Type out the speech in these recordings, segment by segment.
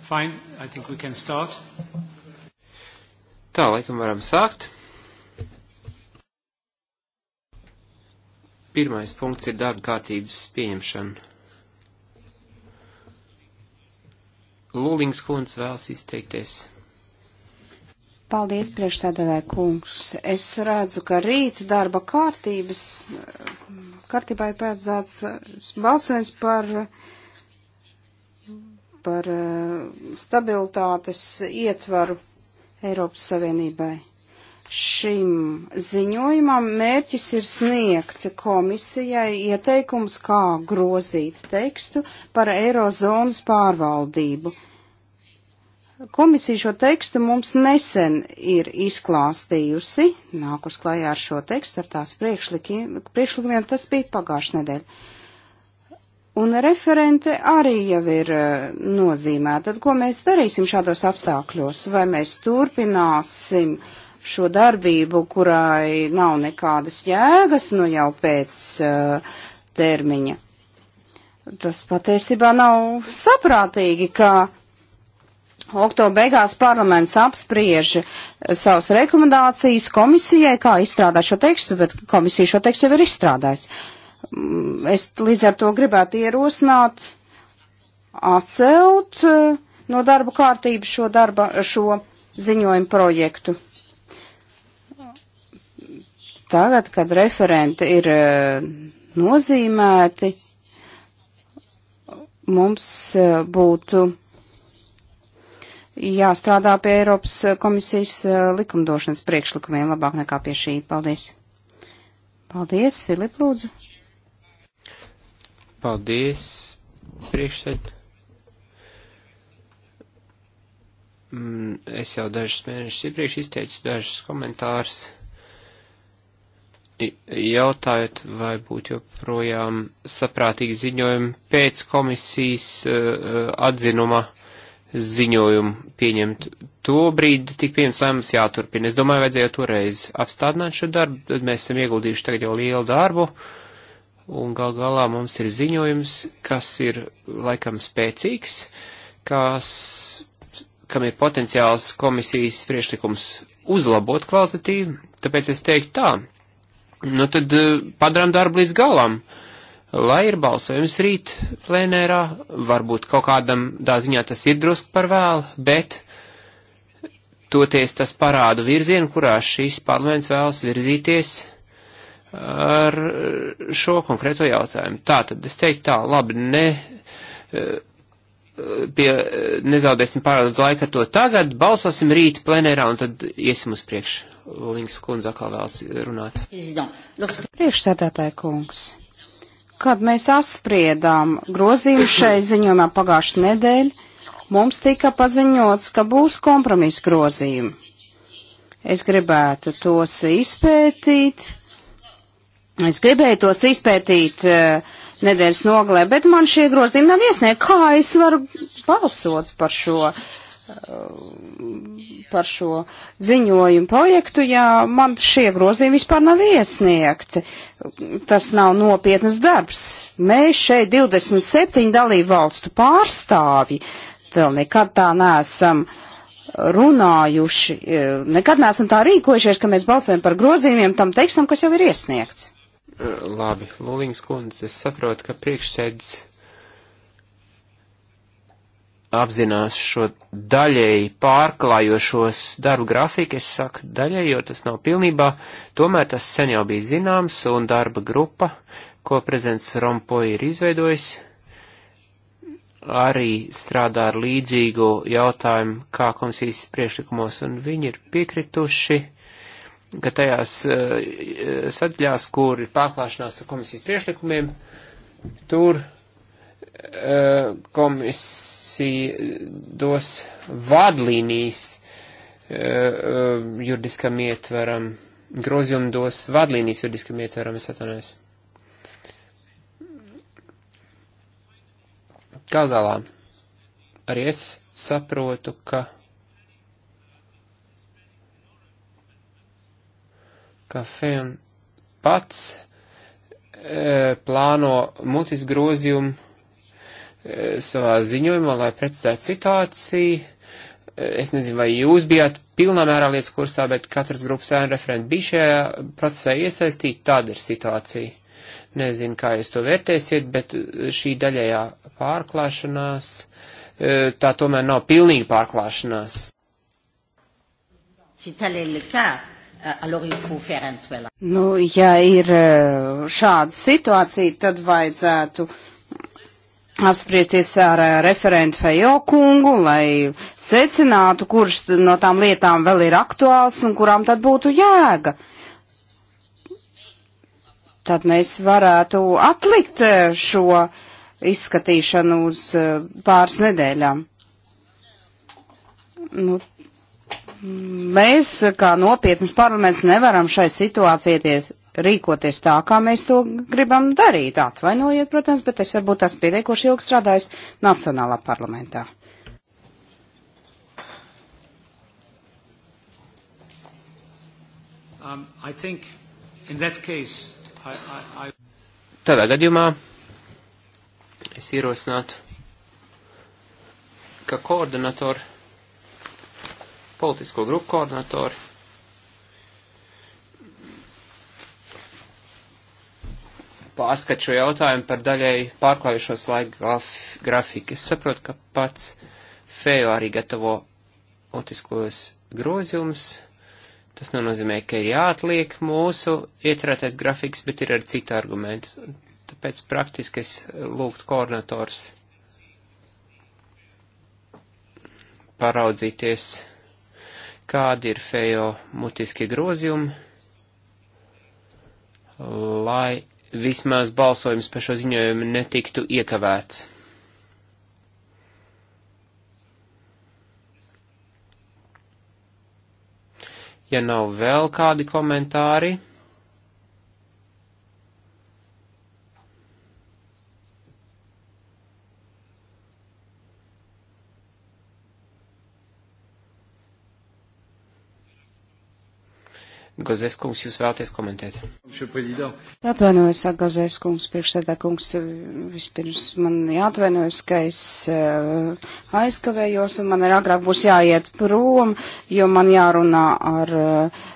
Fine, I think we can start. Tā, laikam varam sākt. Pirmais punkts ir darba kārtības pieņemšana. Lūlings kundze vēlas izteikties. Paldies, priekšsēdētāji kungs. Es redzu, ka rīt darba kārtības, kārtībā ir paredzēts balsojums par uh, par eh, stabilitātes ietvaru Eiropas Savienībai. Šim ziņojumam mērķis ir sniegt komisijai ieteikums, kā grozīt tekstu par Eirozonas pārvaldību. Komisija šo tekstu mums nesen ir izklāstījusi, nākus klajā ar šo tekstu, ar tās priekšlikumiem, tas bija pagājušajā nedēļā. Un referente arī jau ir eh, nozīmēta. Tad ko mēs darīsim šādos apstākļos? Vai mēs turpināsim šo darbību, kurai nav nekādas jēgas, nu jau pēc uh, termiņa? Tas patiesībā nav saprātīgi, ka oktobra beigās parlaments apspriež eh, savas rekomendācijas komisijai, kā izstrādāt šo tekstu, bet komisija šo tekstu jau ir izstrādājusi. Mm, es līdz ar to gribētu ierosināt atcelt eh, no darba kārtības šo, darba, šo ziņojumu projektu. Tagad, kad referenti ir eh, nozīmēti, mums eh, būtu jāstrādā pie Eiropas komisijas likumdošanas priekšlikumiem labāk nekā pie šī. Paldies! Paldies, Filip, lūdzu! Paldies, priekšsēd. Mm, es jau dažus mēnešus iepriekš izteicu dažus komentārus jautājot, vai būtu joprojām saprātīgi ziņojumi pēc komisijas uh, atzinuma ziņojumu pieņemt. To brīdi tik pieņems lēmums jāturpina. Es domāju, vajadzēja toreiz apstādināt šo darbu, tad mēs esam ieguldījuši tagad jau lielu darbu. Uh, un gal galā mums ir ziņojums, kas ir laikam spēcīgs, kas, kam ir potenciāls komisijas priešlikums uzlabot kvalitatīvi, tāpēc es teiktu tā, nu tad eh, padarām darbu līdz galam, lai ir balsojums rīt plēnērā, varbūt kaut kādam dā ziņā tas ir drusku par vēlu, bet toties tas parāda virzienu, kurā šīs parlaments vēlas virzīties ar šo konkrēto jautājumu. Tā tad es teiktu tā, labi, ne, eh, pie, nezaudēsim pārāk laika to tagad, balsosim rīt plenērā un tad iesim uz priekšu. Lings kundze atkal vēlas runāt. Priekšsēdētāja kungs, kad mēs apspriedām grozījumu šai ziņojumā pagājušajā nedēļā, mums tika paziņots, ka būs kompromisa grozījumi. Es gribētu tos izpētīt Es gribēju tos izpētīt eh, nedēļas nogalē, bet man šie grozījumi nav iesniegti. Kā es varu balsot par šo, eh, par šo ziņojumu projektu, ja man šie grozījumi vispār nav iesniegti? Tas nav nopietnas darbs. Mēs šeit 27 dalību valstu pārstāvji vēl nekad tā neesam runājuši, eh, nekad neesam tā rīkojušies, ka mēs balsojam par grozījumiem tam tekstam, kas jau ir iesniegts. Eh, labi, Lūlīņas kundze, es saprotu, ka priekšsēdis apzinās šo daļēji pārklājošos darbu grafiku, es saku daļēji, jo tas nav pilnībā, tomēr tas sen jau bija zināms, un darba grupa, ko prezidents Rompoja ir izveidojis, arī strādā ar līdzīgu jautājumu kā komisijas priekšlikumos, un viņi ir piekrituši ka tajās eh, sadaļās, kur ir pārklāšanās ar komisijas priešlikumiem, tur eh, komisija dos vadlīnijas eh, juridiskam ietveram, grozījumu dos vadlīnijas juridiskam ietveram, es atvainojos. Kā galā? Arī es saprotu, ka ka FEM pats e, plāno mutis grozījumu e, savā ziņojumā, lai precizētu situāciju. E, es nezinu, vai jūs bijāt pilnā mērā lietas kursā, bet katras grupas ēna referenti bija šajā procesā iesaistīti, tāda ir situācija. Nezinu, kā jūs to vērtēsiet, bet šī daļējā pārklāšanās, e, tā tomēr nav pilnīga pārklāšanās. Si tal est le cas, Eh, alors il faut faire un twelve. Nu, ja ir eh, šāda situācija, tad vajadzētu apspriesties ar eh, referentu Fejo kungu, lai secinātu, kurš no tām lietām vēl ir aktuāls un kurām tad būtu jēga. Tad mēs varētu atlikt šo izskatīšanu uz pāris nedēļām. Nu, mēs, kā nopietnas parlaments, nevaram šai situācijai rīkoties tā, kā mēs to gribam darīt. Atvainojiet, protams, bet es varbūt esmu pietiekoši ilgi strādājis Nacionālā parlamentā. Um, I think in that case, I, I, I... Tādā gadījumā es ierosinātu, ka koordinatori politisko grupu koordinatori. Pārskat šo jautājumu par daļai pārklājušos laika graf, grafiku. Es saprotu, ka pats Fejo arī gatavo otiskos grozījumus. Tas nenozīmē, ka ir jāatliek mūsu iecerētais grafiks, bet ir arī citi argumenti. Tāpēc praktiski es lūgtu koordinators paraudzīties kādi ir fejo mutiskie grozījumi, lai vismaz balsojums par šo ziņojumu netiktu iekavēts. Ja nav vēl kādi komentāri, Gozēs kungs, jūs vēlaties komentēt? Atvainojos, saka Gozēs kungs, priekšsēdā kungs, vispirms man jāatvainojas, ka es uh, aizkavējos un man ir agrāk būs jāiet prom, jo man jārunā ar uh,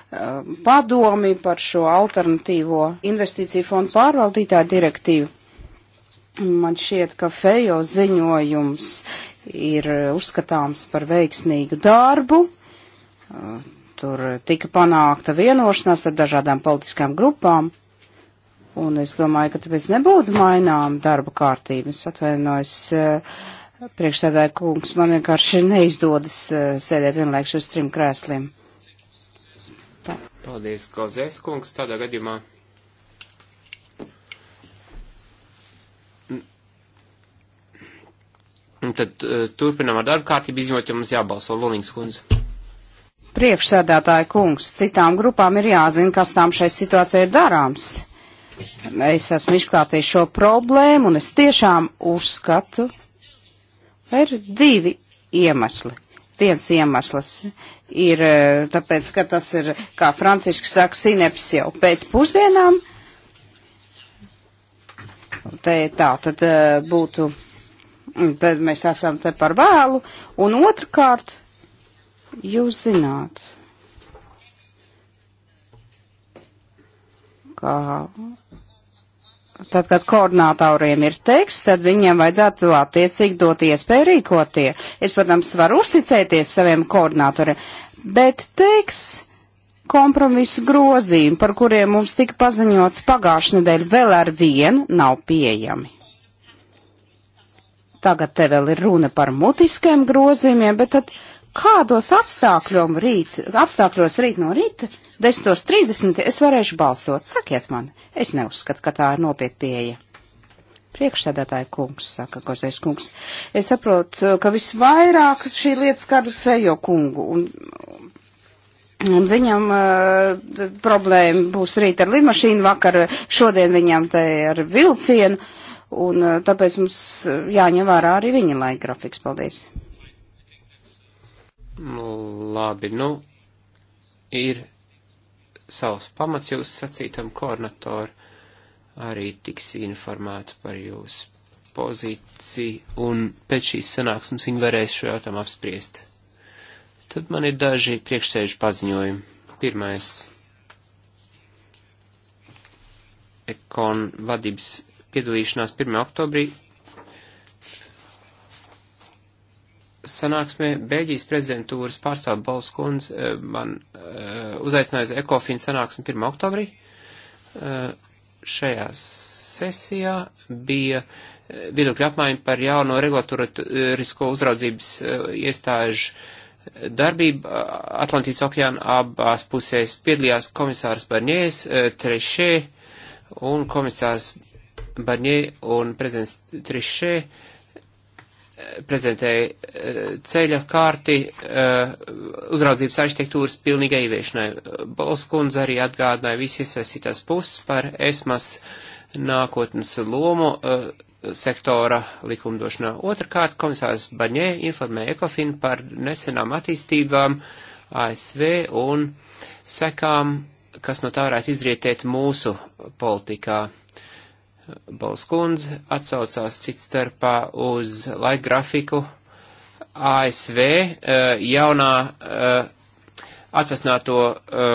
padomi par šo alternatīvo investīciju fondu pārvaldītāju direktīvu. Man šķiet, ka Fejo ziņojums ir uzskatāms par veiksmīgu darbu. Uh, Tur tika panākta vienošanās ar dažādām politiskām grupām, un es domāju, ka tāpēc nebūtu mainām darba kārtības. Atvainojos, eh, priekšsēdāja kungs, man vienkārši neizdodas eh, sēdēt vienlaikus uz trim krēsliem. Tā. Paldies, Kozēs kungs, tādā gadījumā. Un tad uh, eh, turpinām ar darbu kārtību, izņemot, ja mums jābalso Lulīngas kundze priekšsēdētāja kungs, citām grupām ir jāzina, kas tām šai situācijai ir darāms. Es esmu izklātījis šo problēmu un es tiešām uzskatu, ka ir divi iemesli. Viens iemesls ir e, tāpēc, ka tas ir, kā Francisks saka, sineps jau pēc pusdienām. Te tā tad e, būtu, tad mēs esam te par vēlu. Un otrkārt, Jūs zināt, ka tad, kad koordinātoriem ir teksts, tad viņiem vajadzētu attiecīgi dot iespēju rīkotie. Es, protams, varu uzticēties saviem koordinātoriem, bet teksts kompromisu grozījumi, par kuriem mums tika paziņots pagājušajā nedēļā, vēl ar vienu nav pieejami. Tagad te vēl ir runa par mutiskiem grozījumiem, bet tad kādos apstākļos rīt, apstākļos rīt no rīta, 10.30 es varēšu balsot. Sakiet man, es neuzskatu, ka tā ir nopietna pieeja. Priekšsēdētāja kungs, saka Gozais kungs, es saprotu, ka visvairāk šī lieta skar Fejo kungu, un, un viņam uh, problēma būs rīt ar lidmašīnu, vakar šodien viņam te ar vilcienu, un uh, tāpēc mums eh, jāņem vērā arī viņa laika grafiks. Paldies! Labi, nu, ir savs pamats jūs sacītam koordinatoru, arī tiks informēta par jūsu pozīciju, un pēc šīs sanāksmes viņi varēs šo jautājumu apspriest. Tad man ir daži priekšsēžu paziņojumi. Pirmais. Ekon vadības piedalīšanās 1. oktobrī sanāksmē Beļģijas prezidentūras pārstāvja Balskundz eh, man eh, uzaicināja uz Ekofin sanāksmi 1. oktobrī. Eh, šajā sesijā bija viedokļu apmaiņa par jauno regulatorisko uzraudzības iestāžu darbību Atlantijas okeāna abās pusēs. Piedalījās komisārs Barņēs, Trešē un komisārs Barņē un prezidents Trešē prezentēja eh, ceļa kārti eh, uzraudzības arhitektūras pilnīgai ieviešanai. Bolskundze arī atgādināja visi iesaistītās puses par esmas nākotnes lomu eh, sektora likumdošanā. Otrakārt, komisārs Baņē informēja Ekofin par nesenām attīstībām ASV un sekām, kas no tā varētu izrietēt mūsu politikā. Uh, Balskundze atsaucās cits starpā uz laika grafiku ASV e, jaunā e, atvesnāto e,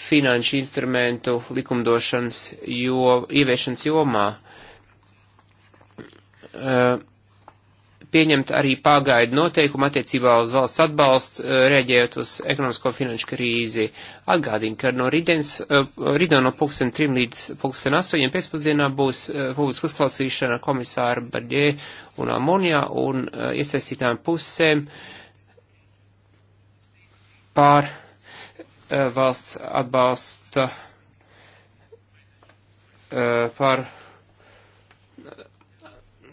finanšu instrumentu likumdošanas jo, ieviešanas jomā. Uh, pieņemt arī pagaidu noteikumu attiecībā uz valsts atbalstu, eh, rēģējot uz ekonomisko finanšu krīzi. Atgādīju, ka no rītdienas, eh, rītdien no pulksten 3 līdz pulksten 8 pēcpusdienā būs eh, publiska uzklausīšana komisāra Barģē un Amonijā un iesaistītām pusēm pār valsts atbalsta par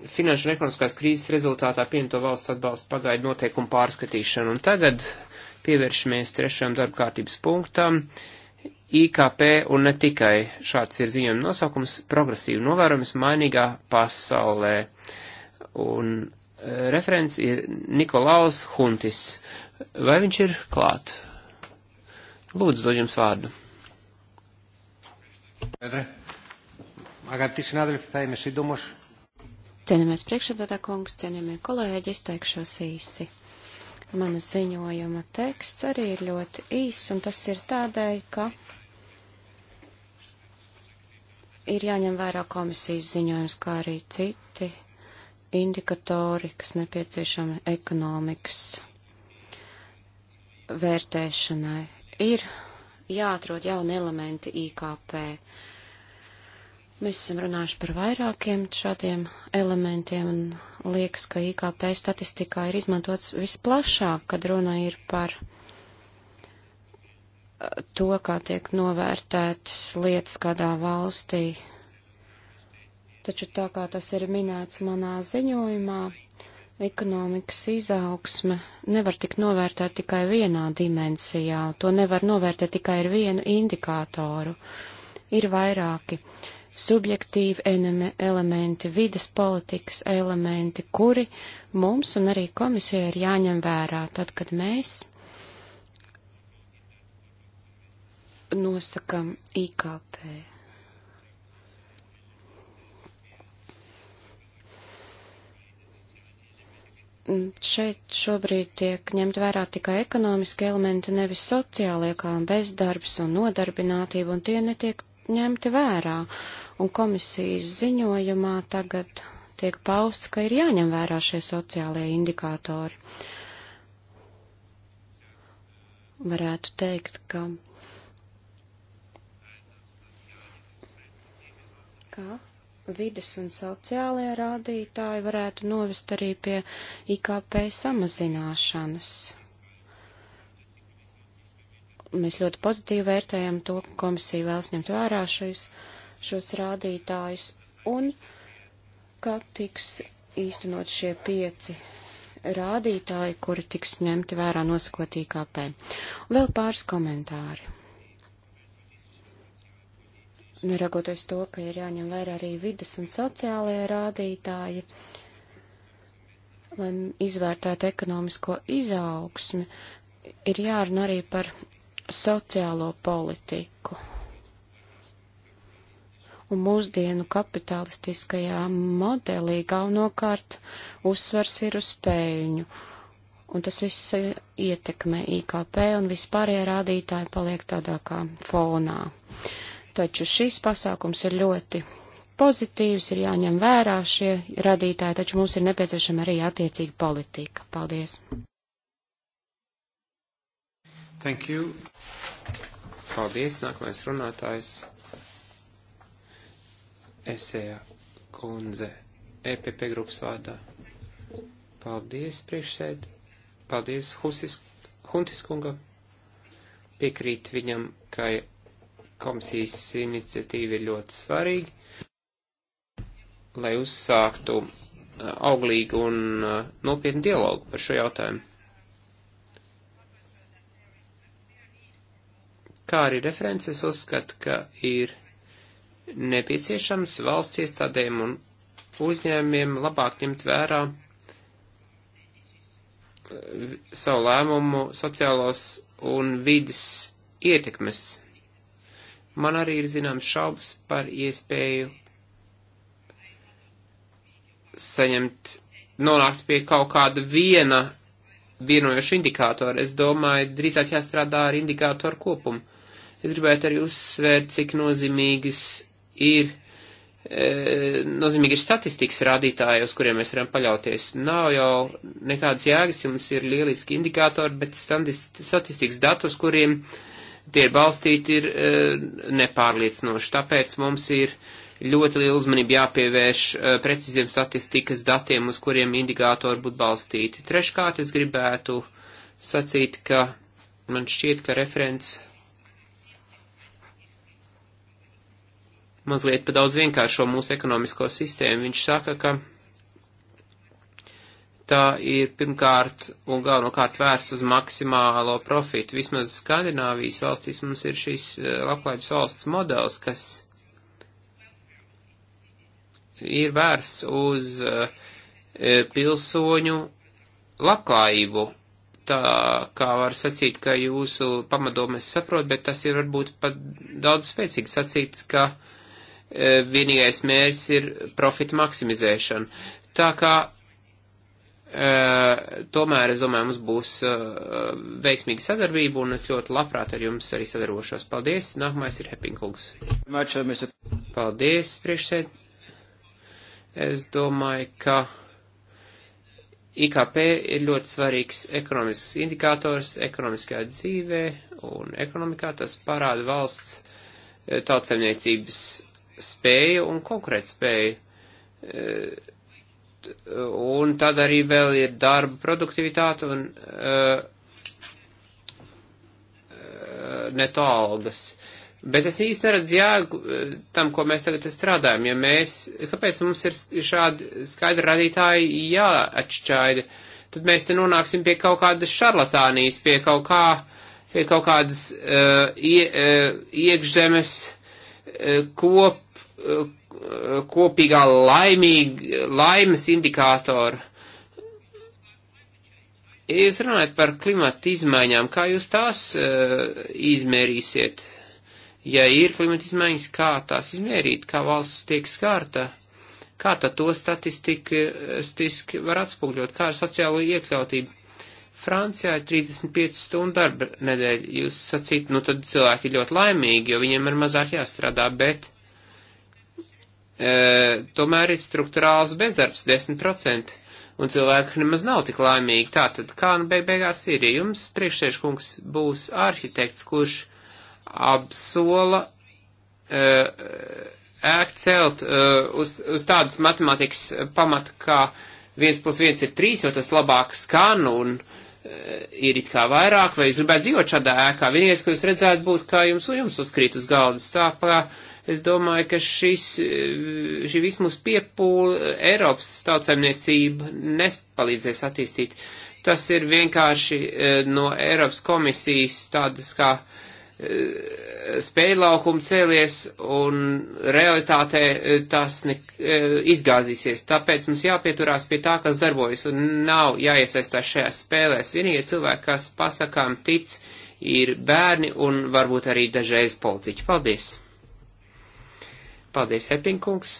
finanšu un ekonomiskās krīzes rezultātā pieņemto valsts atbalstu pagaidu noteikumu pārskatīšanu. Un tagad pievēršamies trešajam darbkārtības punktam. IKP un ne tikai šāds ir ziņojuma nosaukums - progresīvi novērojums mainīgā pasaulē. Un e, referents ir Nikolaus Huntis. Vai viņš ir klāt? Lūdzu, dod jums vārdu. Pēdre. Αγαπητοί συνάδελφοι, θα είμαι σύντομος. Cienījamais priekšsēdētā kungs, cienījamie kolēģi, izteikšos īsi. Mana ziņojuma teksts arī ir ļoti īss, un tas ir tādēļ, ka ir jāņem vērā komisijas ziņojums, kā arī citi indikatori, kas nepieciešami ekonomikas vērtēšanai. Ir jāatrod jauni elementi IKP. Mēs esam runājuši par vairākiem šādiem elementiem, un liekas, ka IKP statistikā ir izmantots visplašāk, kad runa ir par eh, to, kā tiek novērtētas lietas kādā valstī. Taču tā kā tas ir minēts manā ziņojumā, ekonomikas izaugsme nevar tik novērtēt tikai vienā dimensijā, to nevar novērtēt tikai ar vienu indikātoru. Ir vairāki. Uh, subjektīvi elementi, vides politikas elementi, kuri mums un arī komisijai ir jāņem vērā tad, kad mēs nosakam IKP. Mm, šeit šobrīd tiek ņemt vērā tikai ekonomiski elementi, nevis sociālie, kā bezdarbs un nodarbinātība, un tie netiek ņemti vērā un komisijas ziņojumā tagad tiek pausts, ka ir jāņem vērā šie sociālie indikātori. Varētu teikt, ka. Kā? vides un sociālajie rādītāji varētu novest arī pie IKP samazināšanas. Mēs ļoti pozitīvi vērtējam to, ka komisija vēlas ņemt vērā šīs šos rādītājus un kā tiks īstenot šie pieci rādītāji, kuri tiks ņemti vērā nosakot IKP. Vēl pāris komentāri. Neragoties nu, to, ka ir jāņem vērā arī vidas un sociālajie rādītāji, lai izvērtētu ekonomisko izaugsmi, ir jārunā arī par sociālo politiku un mūsdienu kapitalistiskajā modelī galvenokārt uzsvars ir uz spēļņu, un tas viss eh, ietekmē IKP, un vispārējie rādītāji paliek tādā kā fonā. Taču šis pasākums ir ļoti pozitīvs, ir jāņem vērā šie radītāji, taču mums ir nepieciešama arī attiecīga politika. Paldies! Thank you. Paldies, nākamais runātājs. Esēja kundze, EPP grupas vārdā. Paldies, priekšsēd. Paldies, Husis, Huntis kunga. Piekrīt viņam, ka komisijas iniciatīva ir ļoti svarīga, lai uzsāktu uh, auglīgu un uh, nopietnu dialogu par šo jautājumu. Kā arī references uzskata, ka ir nepieciešams valsts iestādēm un uzņēmiem labāk ņemt vērā eh, savu lēmumu sociālās un vidas ietekmes. Man arī ir zināms šaubas par iespēju saņemt, nonākt pie kaut kāda viena vienojoša indikātora. Es domāju, drīzāk jāstrādā ar indikātoru kopumu. Es gribētu arī uzsvērt, cik nozīmīgas ir e, nozīmīgi ir statistikas rādītāji, uz kuriem mēs varam paļauties. Nav jau nekādas jēgas, jums ir lieliski indikātori, bet statistikas datus, kuriem tie ir balstīti, ir e, nepārliecinoši. Tāpēc mums ir ļoti liela uzmanība jāpievērš e, precīziem statistikas datiem, uz kuriem indikātori būtu balstīti. Treškārt, es gribētu sacīt, ka man šķiet, ka referents mazliet pa daudz vienkāršo mūsu ekonomisko sistēmu. Viņš saka, ka tā ir pirmkārt un galvenokārt vērsts uz maksimālo profitu. Vismaz Skandināvijas valstīs mums ir šis eh, labklājības valsts modelis, kas ir vērsts uz eh, pilsoņu labklājību. Tā kā var sacīt, ka jūsu pamadomes saprot, bet tas ir varbūt pat daudz spēcīgi sacīts, ka uh, Eh, vienīgais mērķis ir profita maksimizēšana. Tā kā eh, tomēr, es domāju, mums būs eh, veiksmīga sadarbība, un es ļoti labprāt ar jums arī sadarbošos. Paldies, nākamais ir Hepinkungs. Uh, Paldies, priekšsēd. Es domāju, ka IKP ir ļoti svarīgs ekonomisks indikators ekonomiskajā dzīvē, un ekonomikā tas parāda valsts tautsemniecības spēja un konkrēt spēja. Eh, un tad arī vēl ir darba produktivitāte un eh, eh, netaldas. Bet es īsti neredzu jēgu tam, ko mēs tagad strādājam. Ja mēs, kāpēc mums ir šādi skaidri radītāji jāatšķaida, tad mēs te nonāksim pie kaut kādas šarlatānijas, pie kaut kā, pie kaut kādas uh, ie, uh, iekšzemes kop, kopīgā laimīga, laimes indikātora. Ja jūs runājat par klimata izmaiņām, kā jūs tās uh, izmērīsiet? Ja ir klimata izmaiņas, kā tās izmērīt, kā valsts tiek skārta, kā tad to statistiski eh, var atspūgļot, kā ar sociālo iekļautību? Francijā ir 35 stundu darba nedēļa. Jūs sacīt, nu tad cilvēki ir ļoti laimīgi, jo viņiem ir mazāk jāstrādā, bet e, tomēr ir struktūrāls bezdarbs 10%, un cilvēki nemaz nav tik laimīgi. Tātad, kā nu beig beigās ir, ja jums priekšsēžkungs būs arhitekts, kurš apsola e, ēkt celt e, uz, uz tādas matemātikas pamata, kā 1 plus 1 ir 3, jo tas labāk skan un. E, Eh, ir it kā vairāk, vai jūs gribētu dzīvot šādā ēkā. Vienīgais, ko jūs redzētu, būtu, kā jums, jums uzkrīt uz galdas. Tā kā es domāju, ka šis, eh, šī vismaz piepūle Eiropas tautsaimniecība nespalīdzēs attīstīt. Tas ir vienkārši eh, no Eiropas komisijas tādas kā uh, Eh, spējlaukumu cēlies un realitātē eh, tas ne, eh, izgāzīsies. Tāpēc mums jāpieturās pie tā, kas darbojas un nav jāiesaistās šajās spēlēs. Vienīgie cilvēki, kas pasakām tic, ir bērni un varbūt arī dažreiz politiķi. Paldies! Paldies, Hepinkungs!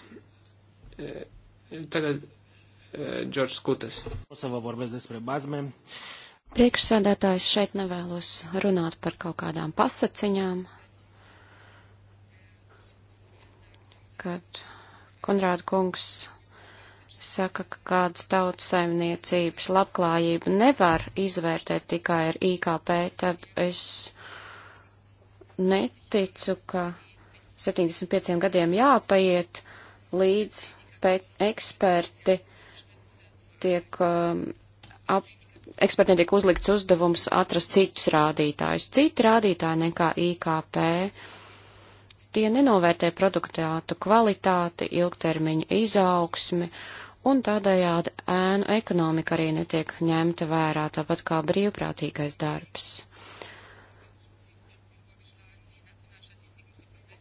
Tagad Džordžs Kutas. O să vă vorbesc despre bazme. Uh, Priekšsēdētājs šeit nevēlos runāt par kaut kādām pasaciņām, kad Konrāda kungs saka, ka kādas tautas saimniecības labklājību nevar izvērtēt tikai ar IKP, tad es neticu, ka 75 gadiem jāpaiet līdz eksperti tiek um, ap, ekspertiem tiek uzlikts uzdevums atrast citus rādītājus. Citi rādītāji nekā IKP tie nenovērtē produktātu kvalitāti, ilgtermiņu izaugsmi, un tādējādi ēnu ekonomika arī netiek ņemta vērā, tāpat kā brīvprātīgais darbs.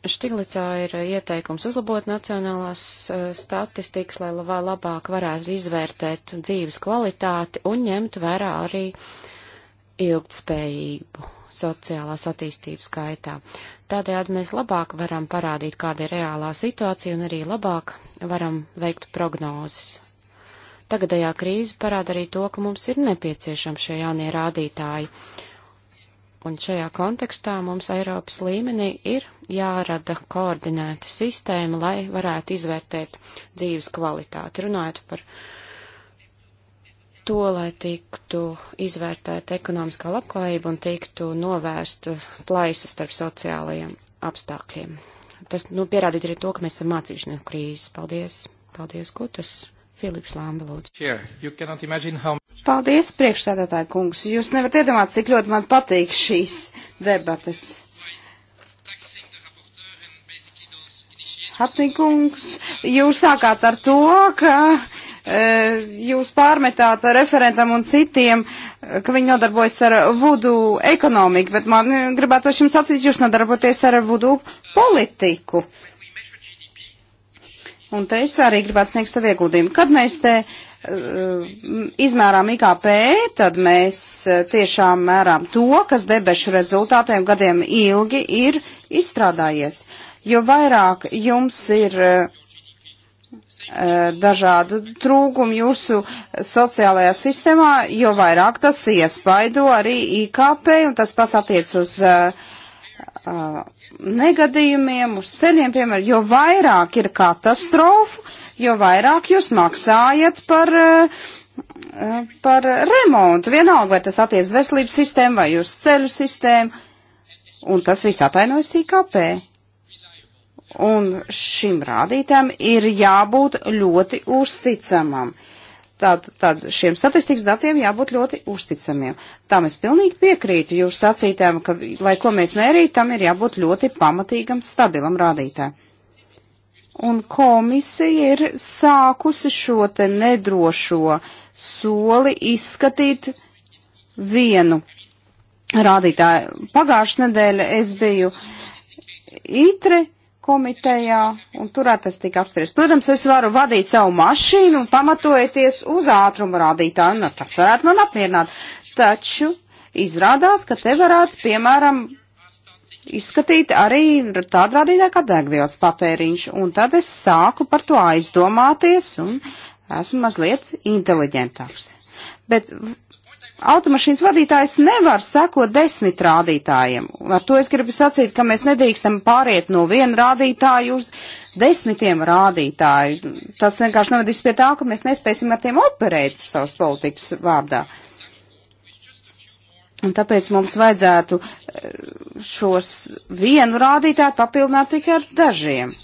Štiglicā ir eh, ieteikums uzlabot nacionālās uh, statistikas, lai labā, labāk varētu izvērtēt dzīves kvalitāti un ņemt vērā arī ilgtspējību sociālās attīstības gaitā. Tādējādi mēs labāk varam parādīt, kāda ir reālā situācija un arī labāk varam veikt prognozes. Tagadējā krīze parāda arī to, ka mums ir nepieciešami šie jaunie rādītāji Un šajā kontekstā mums Eiropas līmenī ir jārada koordinēta sistēma, lai varētu izvērtēt dzīves kvalitāti. Runājot par to, lai tiktu izvērtēta ekonomiskā labklājība un tiktu novērsta plaisas starp sociālajiem apstākļiem. Tas nu, pierādīt arī to, ka mēs esam mācīšanās krīzes. Paldies! Paldies, Gutas! Filips Lambelūds. How... Paldies, priekšsēdētāji kungs. Jūs nevarat iedomāties, cik ļoti man patīk šīs debates. Hapnikungs, jūs sākāt ar to, ka e, jūs pārmetāt referentam un citiem, ka viņi nodarbojas ar vudu ekonomiku, bet man gribētu jums atzīt, jūs nodarboties ar vudu politiku. Un te es arī gribētu sniegt savu ieguldījumu. Kad mēs te uh, izmērām IKP, tad mēs eh, tiešām mērām to, kas debešu rezultātiem gadiem ilgi ir izstrādājies. Jo vairāk jums ir uh, dažādu trūkumu jūsu sociālajā sistēmā, jo vairāk tas iespaido arī IKP, un tas pats attiec uz uh, uh, negadījumiem uz ceļiem, piemēram, jo vairāk ir katastrofu, jo vairāk jūs maksājat par, eh, eh, par remontu. Vienalga, vai tas attiec veselības sistēmu vai uz ceļu sistēmu, un tas viss atainojas IKP. Un šim rādītājam ir jābūt ļoti uzticamam. Uh, Tad, tad šiem statistikas datiem jābūt ļoti uzticamiem. Tam es pilnīgi piekrītu jūs sacītēm, ka, lai ko mēs mērītu, tam ir jābūt ļoti pamatīgam, stabilam rādītājam. Un komisija ir sākusi šo te nedrošo soli izskatīt vienu rādītāju. Pagājušajā nedēļā es biju Itre komitejā, un tur tas tika apspriests. Protams, es varu vadīt savu mašīnu un pamatojoties uz ātruma rādītāju, nu, tas varētu man apmierināt. Taču izrādās, ka te varētu, piemēram, izskatīt arī tādu rādītāju kā degvielas patēriņš, un tad es sāku par to aizdomāties, un esmu mazliet inteliģentāks. Bet automašīnas vadītājs nevar sekot desmit rādītājiem. Ar to es gribu sacīt, ka mēs nedrīkstam pāriet no viena rādītāja uz desmitiem rādītāju. Tas vienkārši novedīs pie tā, ka mēs nespēsim ar tiem operēt savas politikas vārdā. Un tāpēc mums vajadzētu eh, šos vienu rādītāju papildināt tikai ar dažiem.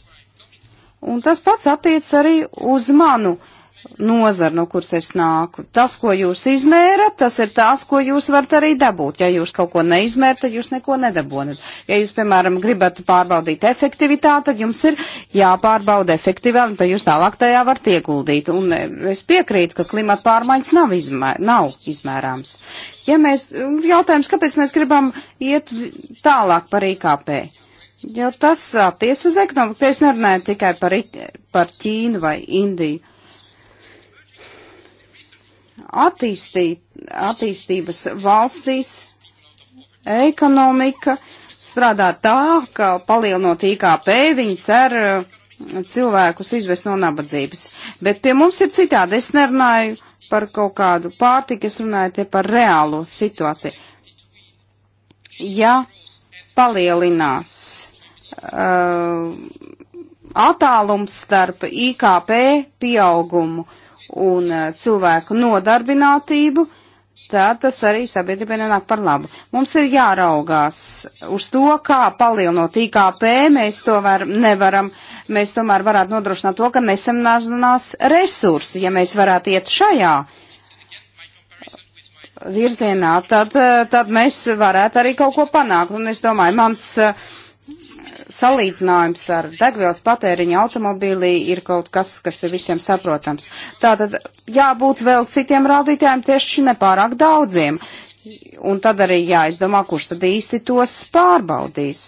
Un tas pats attiec arī uz manu uh, nozara, no kuras es nāku. Tas, ko jūs izmērat, tas ir tas, ko jūs varat arī dabūt. Ja jūs kaut ko neizmērat, tad jūs neko nedabūnat. Ja jūs, piemēram, gribat pārbaudīt efektivitāti, tad jums ir jāpārbauda efektivitāte, un tad jūs tālāk tajā varat ieguldīt. Un e, es piekrītu, ka klimata pārmaiņas nav, izmē, nav izmērāms. Ja mēs, jautājums, kāpēc mēs gribam iet tālāk par IKP? Jo tas attiec uz ekonomiku, es nerunāju tikai par, par Ķīnu vai Indiju attīstī, attīstības valstīs ekonomika strādā tā, ka palielinot IKP viņi cer uh, cilvēkus izvest no nabadzības. Bet pie mums ir citādi. Es nerunāju par kaut kādu pārtiku, es runāju te par reālo situāciju. Ja palielinās uh, attālums starp IKP pieaugumu un eh, cilvēku nodarbinātību, tad tas arī sabiedrībai nenāk par labu. Mums ir jāraugās uz to, kā palielinot IKP, mēs to var, nevaram, mēs tomēr varētu nodrošināt to, ka nesamazinās resursi, ja mēs varētu iet šajā virzienā, tad, eh, tad mēs varētu arī kaut ko panākt. Un es domāju, mans uh, salīdzinājums ar degvielas patēriņu automobīlī ir kaut kas, kas ir visiem saprotams. Tātad jābūt vēl citiem rādītājiem tieši nepārāk daudziem. Un tad arī jāizdomā, kurš tad īsti tos pārbaudīs.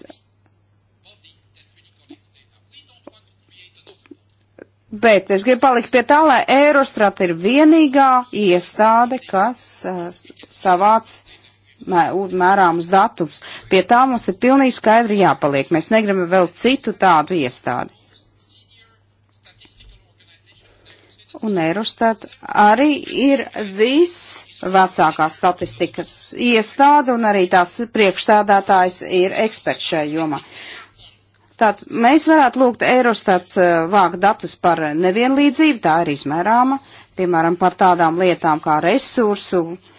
Bet es gribu palikt pie tā, lai Eurostrat ir vienīgā iestāde, kas uh, savāc mē, mērāmus datumus. Pie tā mums ir pilnīgi skaidri jāpaliek. Mēs negribam vēl citu tādu iestādi. Un Eurostat arī ir viss vecākā statistikas iestāde un arī tās priekšstādātājs ir eksperts šajā jomā. Tātad mēs varētu lūgt Eurostat uh, vākt datus par nevienlīdzību, tā ir izmērāma, piemēram, par tādām lietām kā resursu uh,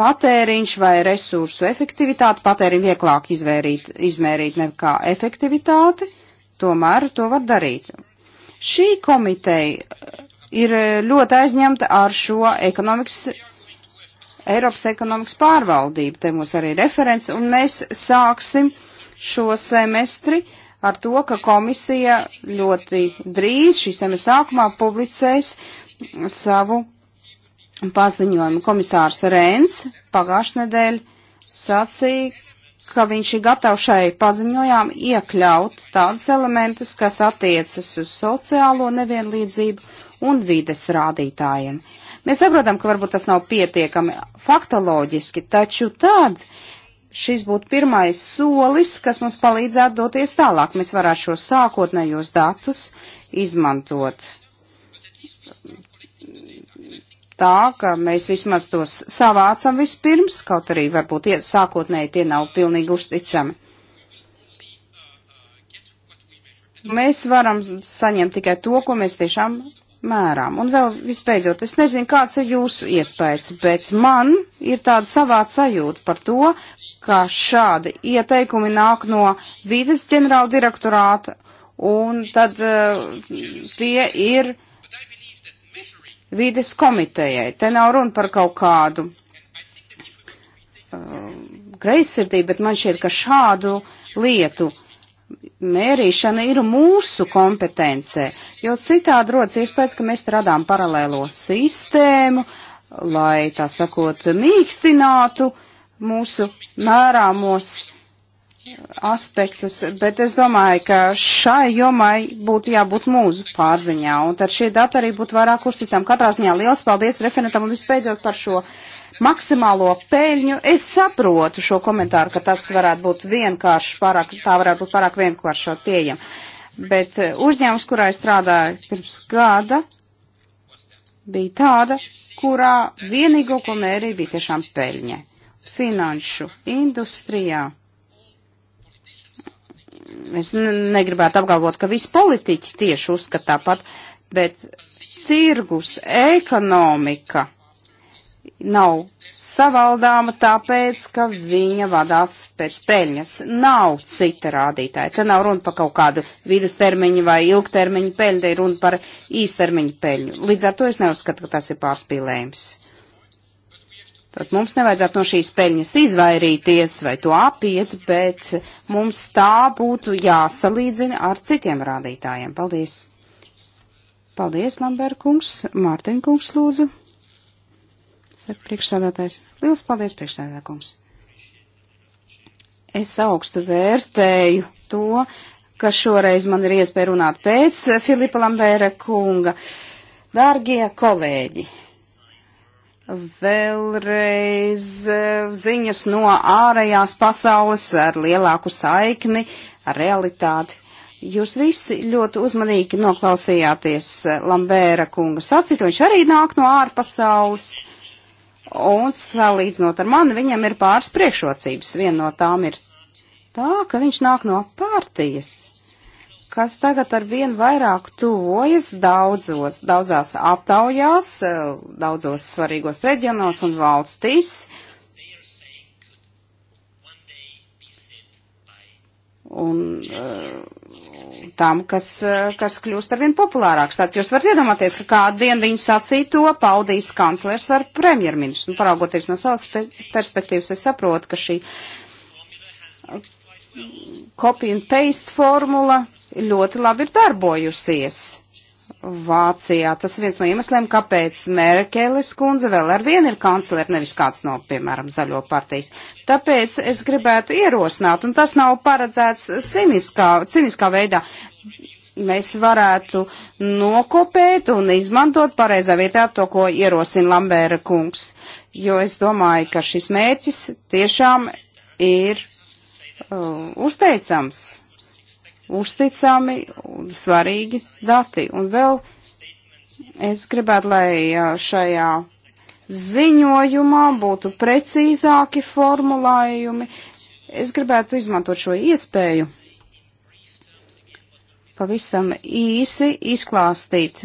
patēriņš vai resursu efektivitāte. Patēriņu vieglāk izvērīt, izmērīt nekā efektivitāti, tomēr to var darīt. Šī komiteja uh, ir uh, ļoti aizņemta ar šo ekonomikas, Eiropas ekonomikas pārvaldību. Te mums arī ir referents, un mēs sāksim šo semestri ar to, ka komisija ļoti drīz šī semestra sākumā publicēs savu paziņojumu komisārs Rēns pagājušajā nedēļā sacīja, ka viņš ir gatavs šai paziņojām iekļaut tādus elementus, kas attiecas uz sociālo nevienlīdzību un vides rādītājiem. Mēs saprotam, ka varbūt tas nav pietiekami faktoloģiski, taču tad šis būtu pirmais solis, kas mums palīdzētu doties tālāk. Mēs varētu šos sākotnējos datus izmantot tā, ka mēs vismaz tos savācam vispirms, kaut arī varbūt iet, sākotnēji tie nav pilnīgi uzticami. Mēs varam saņemt tikai to, ko mēs tiešām mērām. Un vēl visbeidzot, es nezinu, kāds ir jūsu iespējas, bet man ir tāda savāda sajūta par to, ka šādi ieteikumi nāk no vides ģenerāla direktorāta, un tad uh, tie ir uh, vides komitejai. Te nav runa par kaut kādu uh, greizsirdību, bet man šķiet, ka šādu lietu mērīšana ir mūsu kompetencē, jo citādi rodas iespējas, ka mēs radām paralēlo sistēmu, lai, tā sakot, mīkstinātu mūsu mērāmos aspektus, bet es domāju, ka šai jomai būtu jābūt mūsu pārziņā, un tad šie dati arī būtu vairāk uzticami. Katrā ziņā liels paldies referentam un vispēdzot par šo maksimālo peļņu. Es saprotu šo komentāru, ka tas varētu būt vienkārši pārāk, tā varētu būt pārāk vienkāršot pieejam. Bet eh, uzņēmums, kurā es strādāju pirms gada, bija tāda, kurā vienīgo, ko mērī bija tiešām peļņa finanšu industrijā es negribētu apgalvot, ka visi politiķi tieši uzskata tāpat, bet tirgus ekonomika nav savaldāma tāpēc, ka viņa vadās pēc peļņas. Nav cita rādītāja. Te nav runa par kaut kādu vidustermiņu vai ilgtermiņu peļņu, te ir runa par īstermiņu peļņu. Līdz ar to es neuzskatu, ka tas ir pārspīlējums. Tad mums nevajadzētu no šīs peļņas izvairīties vai to apiet, bet mums tā būtu jāsalīdzina ar citiem rādītājiem. Paldies! Paldies, Lambert kungs, Mārtiņ kungs lūdzu. Saka priekšsādātājs. Liels paldies, priekšsādātājs kungs. Es augstu vērtēju to, ka šoreiz man ir iespēja runāt pēc Filipa Lambēra kunga. Dārgie kolēģi! Vēlreiz eh, ziņas no ārējās pasaules ar lielāku saikni, ar realitāti. Jūs visi ļoti uzmanīgi noklausījāties eh, Lambēra kunga sacītu, viņš arī nāk no ārpasaules. Un salīdzinot ar mani, viņam ir pāris priekšrocības. Viena no tām ir tā, ka viņš nāk no partijas, kas tagad ar vien vairāk tuvojas daudzos, daudzās aptaujās, daudzos svarīgos reģionos un valstīs. Un eh, tam, kas, eh, kas kļūst ar vien populārāks. Tad jūs varat iedomāties, ka kādu dienu viņi sacīja to, paudīs kanclers ar premjerministru. Un nu, paraugoties no savas perspektīvas, es saprotu, ka šī copy and paste formula ļoti labi ir darbojusies. Vācijā tas viens no iemesliem, kāpēc Merkeles kundze vēl ar vienu ir kanclere, nevis kāds no, piemēram, zaļo partijas. Tāpēc es gribētu ierosināt, un tas nav paredzēts ciniskā, ciniskā veidā, mēs varētu nokopēt un izmantot pareizā vietā to, ko ierosina Lambēra kungs. Jo es domāju, ka šis mērķis tiešām ir uh, uzteicams uzticami un svarīgi dati. Un vēl es gribētu, lai šajā ziņojumā būtu precīzāki formulējumi. Es gribētu izmantot šo iespēju pavisam īsi izklāstīt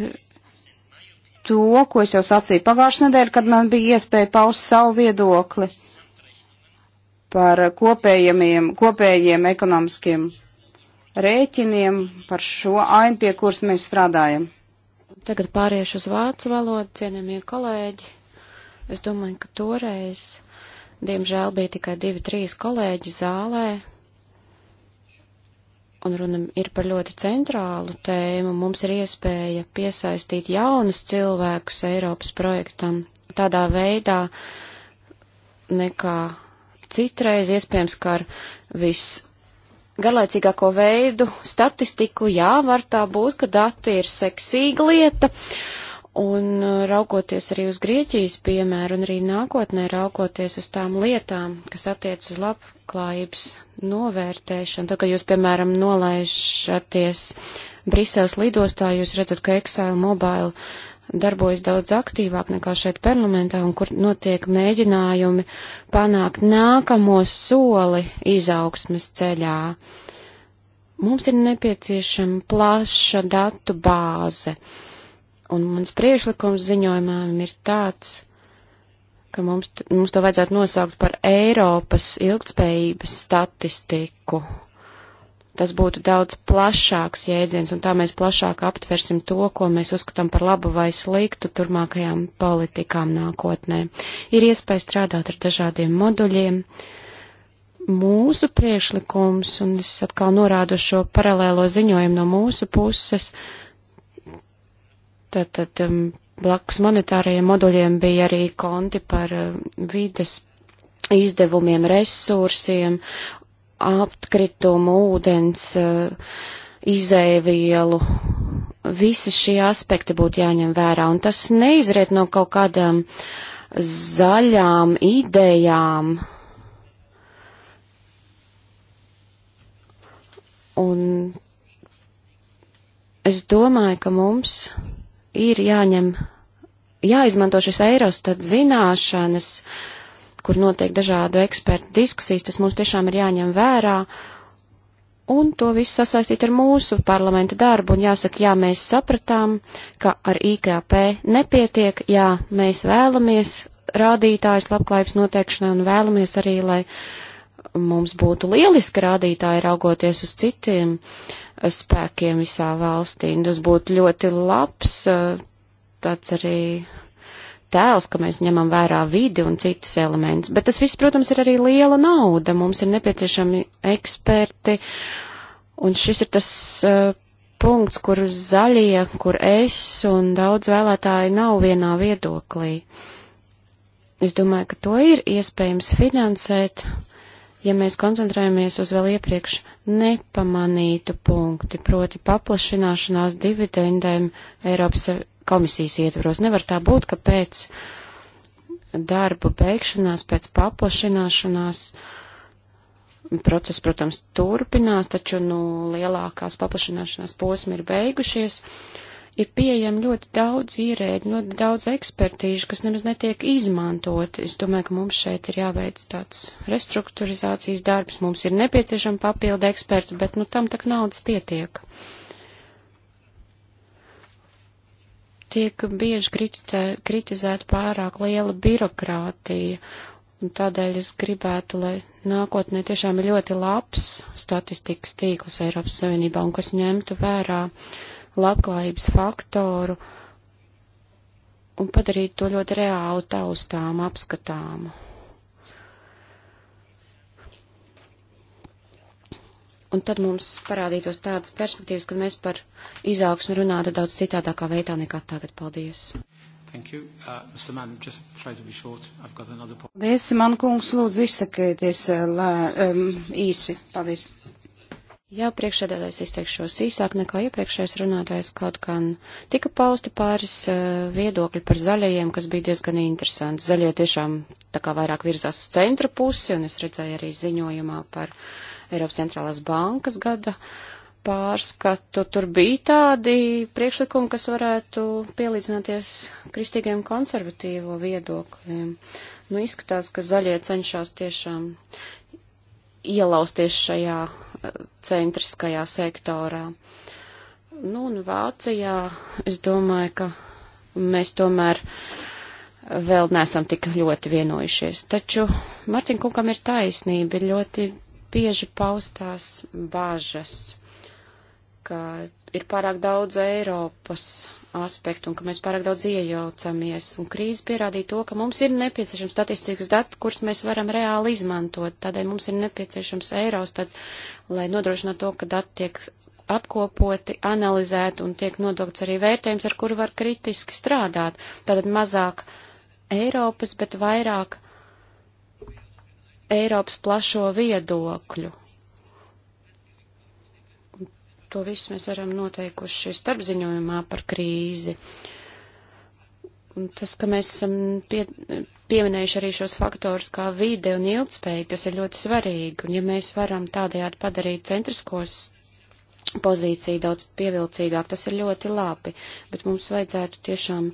to, ko es jau sacīju pagājušajā nedēļā, kad man bija iespēja paust savu viedokli par kopējiem, kopējiem ekonomiskiem rēķiniem par šo ainu, pie kuras mēs strādājam. Tagad pāriešu uz vācu valodu, cienījamie kolēģi. Es domāju, ka toreiz, diemžēl, bija tikai divi, trīs kolēģi zālē, un runa ir par ļoti centrālu tēmu, mums ir iespēja piesaistīt jaunus cilvēkus Eiropas projektam tādā veidā nekā citreiz, iespējams, ka ar viss garlaicīgāko veidu statistiku, jā, var tā būt, ka dati ir seksīga lieta, un uh, raugoties arī uz Grieķijas piemēru, un arī nākotnē raugoties uz tām lietām, kas attiec uz labklājības novērtēšanu, tā kā jūs, piemēram, nolaižaties Briseles lidostā, jūs redzat, ka Excel Mobile darbojas daudz aktīvāk nekā šeit parlamentā un kur notiek mēģinājumi panākt nākamo soli izaugsmas ceļā. Mums ir nepieciešama plaša datu bāze, un mans priešlikums ziņojumam ir tāds, ka mums, mums to vajadzētu nosaukt par Eiropas ilgtspējības statistiku, tas būtu daudz plašāks jēdziens, un tā mēs plašāk aptversim to, ko mēs uzskatām par labu vai sliktu turmākajām politikām nākotnē. Ir iespēja strādāt ar dažādiem moduļiem. Mūsu priekšlikums, un es atkal norādu šo paralēlo ziņojumu no mūsu puses, tad, tad um, blakus monetārajiem moduļiem bija arī konti par uh, vides izdevumiem, resursiem apkritumu, ūdens, eh, izēvielu. Visi šie aspekti būtu jāņem vērā, un tas neizriet no kaut kādām zaļām idejām. Un es domāju, ka mums ir jāņem, jāizmanto šis eiros, tad zināšanas, uh, kur notiek dažādu ekspertu diskusijas, tas mums tiešām ir jāņem vērā. Un to visu sasaistīt ar mūsu parlamenta darbu. Un jāsaka, jā, mēs sapratām, ka ar IKP nepietiek, jā, mēs vēlamies rādītājs labklājības noteikšanai un vēlamies arī, lai mums būtu lieliski rādītāji raugoties uz citiem uh, spēkiem visā valstī. Un tas būtu ļoti labs uh, tāds arī tēls, ka mēs ņemam vērā vidi un citus elementus, bet tas viss, protams, ir arī liela nauda, mums ir nepieciešami eksperti, un šis ir tas uh, punkts, kur zaļie, kur es un daudz vēlētāji nav vienā viedoklī. Es domāju, ka to ir iespējams finansēt, ja mēs koncentrējamies uz vēl iepriekš nepamanītu punkti, proti paplašināšanās dividendēm Eiropas komisijas ietvaros. Nevar tā būt, ka pēc darba beigšanās, pēc paplašināšanās, process, protams, turpinās, taču, nu, lielākās paplašināšanās posmi ir beigušies. Ir pieejami ļoti daudz ierēģi, ļoti daudz ekspertīžu, kas nemaz netiek izmantoti. Es domāju, ka mums šeit ir jāveic tāds restruktūrizācijas darbs, mums ir nepieciešama papildu ekspertu, bet, nu, tam tak naudas pietiek. Uh, Tiek bieži krititē, kritizēta pārāk liela birokrātija, un tādēļ es gribētu, lai nākotnē tiešām ir ļoti labs statistikas tīkls Eiropas Savienībā, un kas ņemtu vērā labklājības faktoru un padarītu to ļoti reāli taustām, apskatāmu. un tad mums parādītos tādas perspektīvas, kad mēs par izaugsmu runātu daudz citādākā veidā nekā tagad. Paldies! Thank you. Uh, Mr. Mann, just try to be short. I've got another point. Paldies, man kungs, lūdzu izsakieties uh, lē, um, īsi. Paldies. Jā, priekšsēdētājs izteikšos īsāk nekā iepriekšējais runātājs, kaut gan tika pausti pāris uh, viedokļi par zaļajiem, kas bija diezgan interesanti. Zaļie tiešām tā kā vairāk virzās uz centra pusi, un es redzēju arī ziņojumā par uh, Eiropas centrālās bankas gada pārskatu. Tur bija tādi priekšlikumi, kas varētu pielīdzināties kristīgiem konservatīvo viedokļiem. Nu, izskatās, ka zaļie cenšas tiešām ielausties šajā eh, centriskajā sektorā. Nu, un Vācijā es domāju, ka mēs tomēr vēl neesam tik ļoti vienojušies. Taču Martin Kungam ir taisnība, ir ļoti bieži paustās bāžas, ka ir pārāk daudz Eiropas aspektu un ka mēs pārāk daudz iejaucamies. Un krīze pierādīja to, ka mums ir nepieciešams statistikas dati, kurus mēs varam reāli izmantot. Tādēļ mums ir nepieciešams Eirostat, lai nodrošinātu to, ka dati tiek apkopoti, analizēti un tiek nodokts arī vērtējums, ar kuru var kritiski strādāt. Tātad mazāk Eiropas, bet vairāk Eiropas plašo viedokļu. To visu mēs varam noteikuši starpziņojumā par krīzi. Un tas, ka mēs esam pie, pieminējuši arī šos faktorus kā vide un ilgspēja, tas ir ļoti svarīgi. Un ja mēs varam tādējādi padarīt centriskos pozīciju daudz pievilcīgāk, tas ir ļoti labi. Bet mums vajadzētu tiešām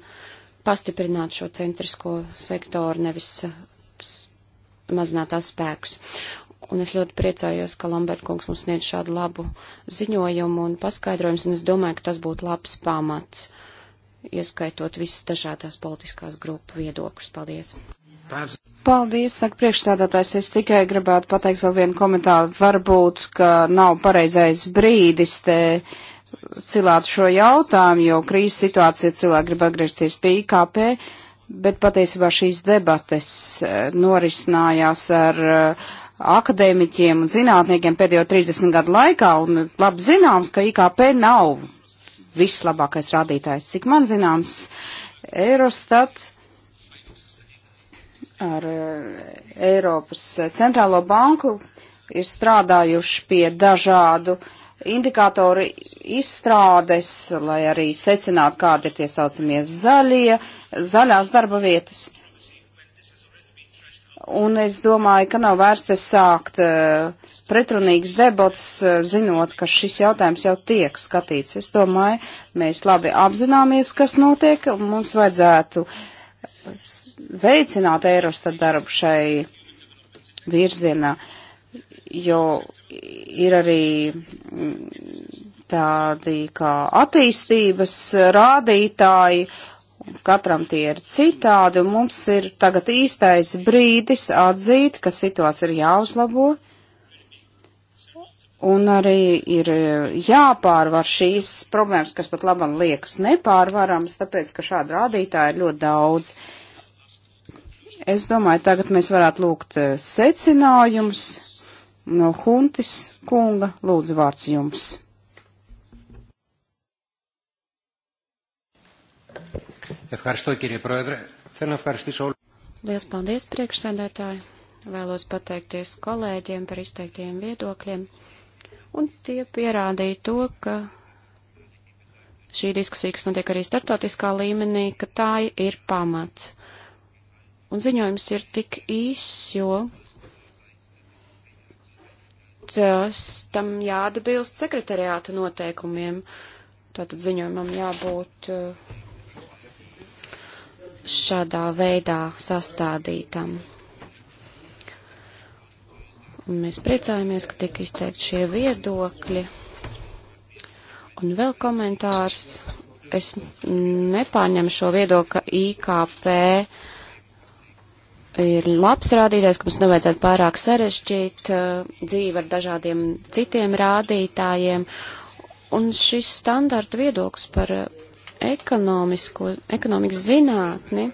pastiprināt šo centrisko sektoru, nevis mazināt tās spēkus. Un es ļoti priecājos, ka Lamberta kungs mums sniedz šādu labu ziņojumu un paskaidrojumus, un es domāju, ka tas būtu labs pamats, ieskaitot visas dažādās politiskās grupu viedokļus. Paldies! Paldies, saka priekšstādātājs. Es tikai gribētu pateikt vēl vienu komentāru. Varbūt, ka nav pareizais brīdis te cilāt šo jautājumu, jo krīzes situācija cilvēki grib atgriezties pie IKP bet patiesībā šīs debates eh, norisinājās ar eh, akadēmiķiem un zinātniekiem pēdējo 30 gadu laikā, un labi zināms, ka IKP nav vislabākais rādītājs. Cik man zināms, Eurostat ar eh, Eiropas centrālo banku ir strādājuši pie dažādu indikātoru izstrādes, lai arī secinātu, kādi ir tie saucamie zaļie, uh, zaļās darba vietas. Un es domāju, ka nav vairs te sākt eh, pretrunīgas debatas, eh, zinot, ka šis jautājums jau tiek skatīts. Es domāju, mēs labi apzināmies, kas notiek, un mums vajadzētu veicināt Eirostat darbu šai virzienā, jo ir arī mm, tādi kā attīstības rādītāji, uh, Katram tie ir citādi, un mums ir tagad īstais brīdis atzīt, ka situācija ir jāuzlabo, un arī ir jāpārvar šīs problēmas, kas pat labam liekas nepārvarams, tāpēc, ka šāda rādītāja ir ļoti daudz. Es domāju, tagad mēs varētu lūgt eh, secinājumus no Huntis kunga. Lūdzu, vārds jums. Ευχαριστώ, κύριε Πρόεδρε. Θέλω να ευχαριστήσω όλους. Lielas paldies, priekšsēdētāji. Vēlos pateikties kolēģiem par izteiktajiem viedokļiem. Un tie pierādīja to, ka šī diskusija, kas notiek arī startautiskā līmenī, ka tā ir pamats. Un ziņojums ir tik īss, jo tas tam jāatbilst sekretariāta noteikumiem. Tātad ziņojumam jābūt uh, šādā veidā sastādītam. Un mēs priecājamies, ka tika izteikt šie viedokļi. Un vēl komentārs. Es nepārņemu šo viedokli, ka IKP ir labs rādītājs, ka mums nevajadzētu pārāk sarežģīt uh, dzīvi ar dažādiem citiem rādītājiem. Un šis standarta viedoklis par uh, ekonomikas zinātni,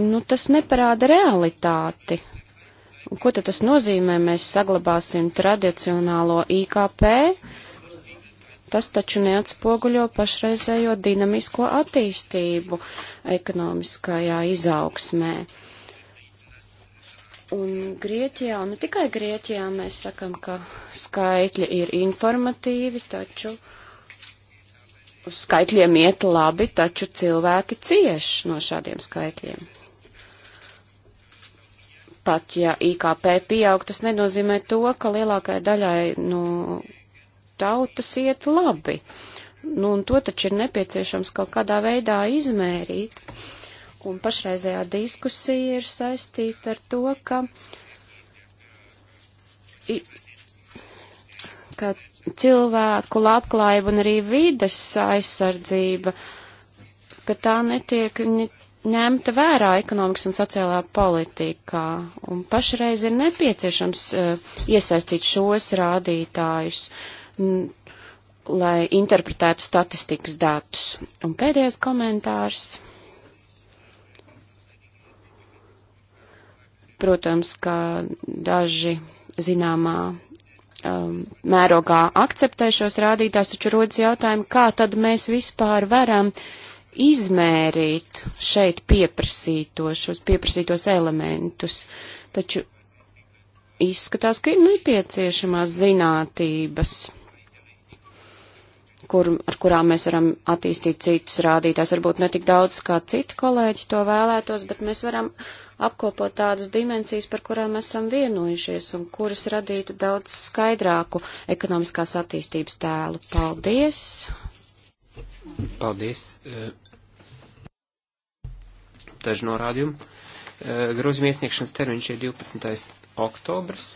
nu, tas neparāda realitāti. Un ko tad tas nozīmē? Mēs saglabāsim tradicionālo IKP, tas taču neatspoguļo pašreizējo dinamisko attīstību ekonomiskajā izaugsmē. Un Grieķijā, un ne tikai Grieķijā, mēs sakam, ka skaitļi ir informatīvi, taču uh, uz skaitļiem iet labi, taču cilvēki cieš no šādiem skaitļiem. Pat ja IKP pieaug, tas nenozīmē to, ka lielākajai daļai no nu, tautas iet labi. Nu, un to taču ir nepieciešams kaut kādā veidā izmērīt. Un pašreizējā diskusija ir saistīta ar to, ka, ka cilvēku labklājība un arī vides aizsardzība, ka tā netiek ņemta vērā ekonomikas un sociālā politikā. Un pašreiz ir nepieciešams uh, iesaistīt šos rādītājus, m, lai interpretētu statistikas datus. Un pēdējais komentārs. Protams, ka daži zināmā um, mērogā akceptē šos rādītājus, taču rodas jautājumi, kā tad mēs vispār varam izmērīt šeit pieprasīto, šos pieprasītos elementus. Taču izskatās, ka ir nepieciešamās zinātības, kur, ar kurām mēs varam attīstīt citus rādītājus. Varbūt ne tik daudz, kā citi kolēģi to vēlētos, bet mēs varam apkopot tādas dimensijas, par kurām esam vienojušies un kuras radītu daudz skaidrāku ekonomiskās attīstības tēlu. Paldies! Paldies! Eh, daži norādījumi. Eh, grozījuma iesniegšanas termiņš ir 12. oktobrs.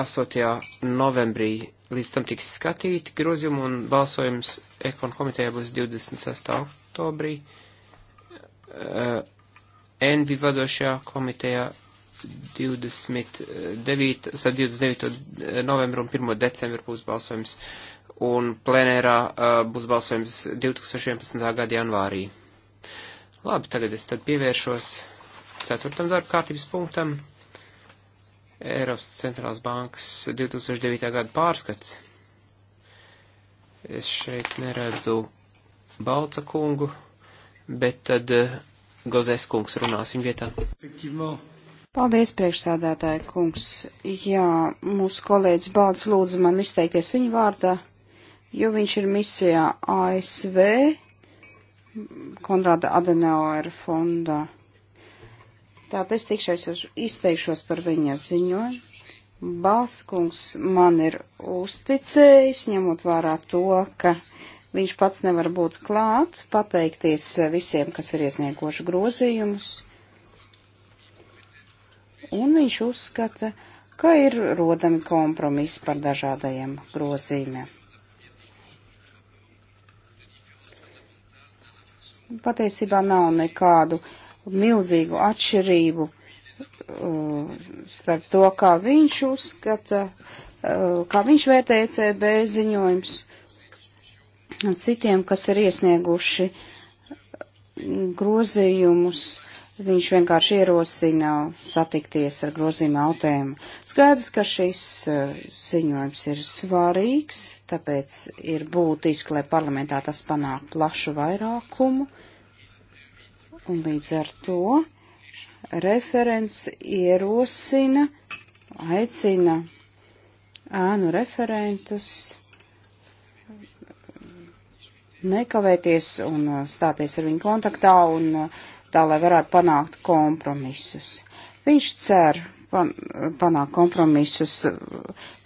8. novembrī līdz tam tiks skatīti grozījumi un balsojums ekon komitejā būs 26. oktobrī. Eh, Envi vadošajā komitejā 29, 29. Eh, eh, novembru un 1. decembru būs balsojums, un plenērā uh, būs balsojums 2011. gada janvārī. Labi, tagad es tad pievēršos ceturtam darba kārtības punktam - Eiropas centrālās bankas 2009. gada pārskats. Es šeit neredzu Balca kungu, bet tad uh, Gozēs kungs runās viņa vietā. Paldies, priekšsādātāja kungs. Jā, mūsu kolēģis Bāds lūdza man izteikties viņa vārdā, jo viņš ir misijā ASV Konrāda Adenauera fondā. Tātad es tikšais izteikšos par viņa ziņojumu. Balskungs man ir uzticējis, ņemot vērā to, ka Viņš pats nevar būt klāt, pateikties visiem, kas ir iesnieguši grozījumus. Un viņš uzskata, ka ir rodami kompromisi par dažādajiem grozījumiem. Patiesībā nav nekādu milzīgu atšķirību uh, starp to, kā viņš uzskata, uh, kā viņš vērtē ECB ziņojums citiem, kas ir iesnieguši grozījumus. Viņš vienkārši ierosina satikties ar grozījuma autēm. Skaidrs, ka šis eh, ziņojums ir svarīgs, tāpēc ir būtiski, lai parlamentā tas panāk plašu vairākumu. Un līdz ar to referents ierosina, aicina ēnu referentus nekavēties un uh, stāties ar viņu kontaktā un uh, tā, lai varētu panākt kompromisus. Viņš cer pan, panākt kompromisus uh,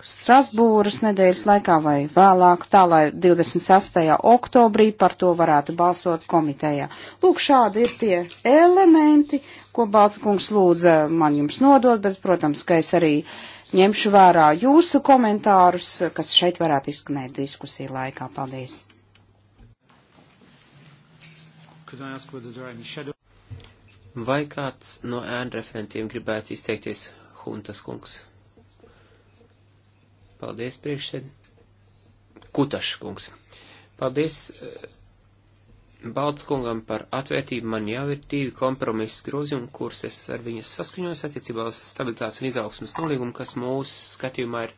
Strasbūras nedēļas laikā vai vēlāk, tā lai 26. oktobrī par to varētu balsot komitejā. Lūk, šādi ir tie elementi, ko Balsakungs lūdza man jums nodot, bet, protams, ka es arī ņemšu vērā jūsu komentārus, kas šeit varētu izskanēt diskusiju laikā. Paldies! could I ask whether there are any shadow? Vai kāds no ēnu referentiem gribētu izteikties Huntas kungs? Paldies, priekšsēd. Kutašs kungs. Paldies eh, Baltskungam par atvērtību. Man jau ir divi kompromisu grozījumi, kurus es ar viņas saskaņos attiecībā uz stabilitātes un izaugsmas nolīgumu, kas mūsu skatījumā ir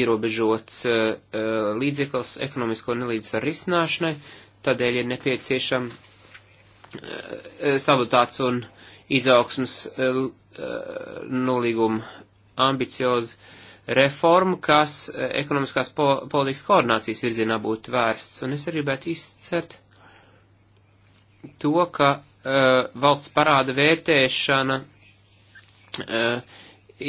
ierobežots uh, līdzeklis ekonomisko nelīdzsvaru risināšanai, Tādēļ ir nepieciešama eh, stabilitātes un izaugsmas eh, nolīguma ambicioza reforma, kas eh, ekonomiskās po politikas koordinācijas virzienā būtu vērsts. Un es arī gribētu izcert to, ka uh, valsts parāda vērtēšana uh,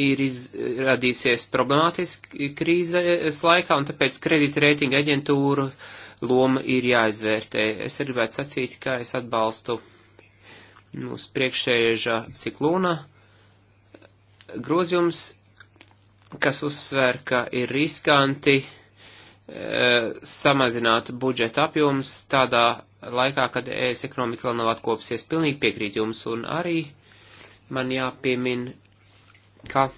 ir izradīsies problemātiski krīzes laikā, un tāpēc kredīta reitinga aģentūra uh, loma ir jāizvērtē. Es gribētu sacīt, ka es atbalstu mūsu priekšēža ciklūna grozījums, kas uzsver, ka ir riskanti e, samazināt budžeta apjoms tādā laikā, kad ES ekonomika vēl nav atkopsies. Pilnīgi piekrīt jums un arī man jāpiemin, ka. Kā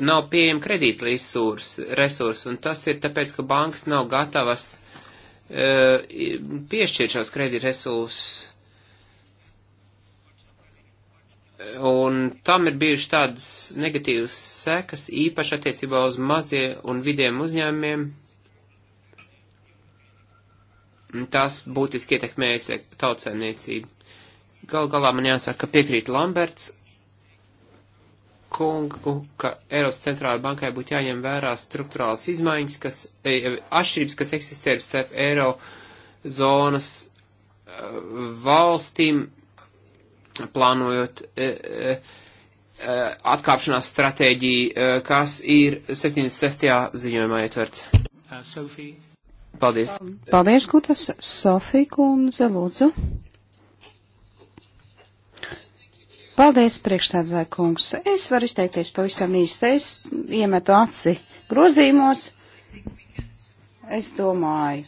nav pieejama kredīta resursi, un tas ir tāpēc, ka bankas nav gatavas uh, piešķirt šos kredīta resursus. Un tam ir bijuši tādas negatīvas sekas, īpaši attiecībā uz mazie un vidiem uzņēmumiem. Tas būtiski ietekmējas tautsēmniecību. Gal galā man jāsaka, ka piekrīt Lamberts, kungu, ka Eiropas centrālajai bankai būtu jāņem vērā struktūrāls izmaiņas, kas, e, e, atšķirības, kas eksistē starp eiro zonas e, valstīm, plānojot atkāpšanās stratēģiju, kas ir 76. ziņojumā ietverts. Uh, Paldies. Paldies, Kutas. Sofija Kunze, lūdzu. Paldies, priekšstādātāja kungs. Es varu izteikties pavisam īsti. Es iemetu aci grozījumos. Es domāju,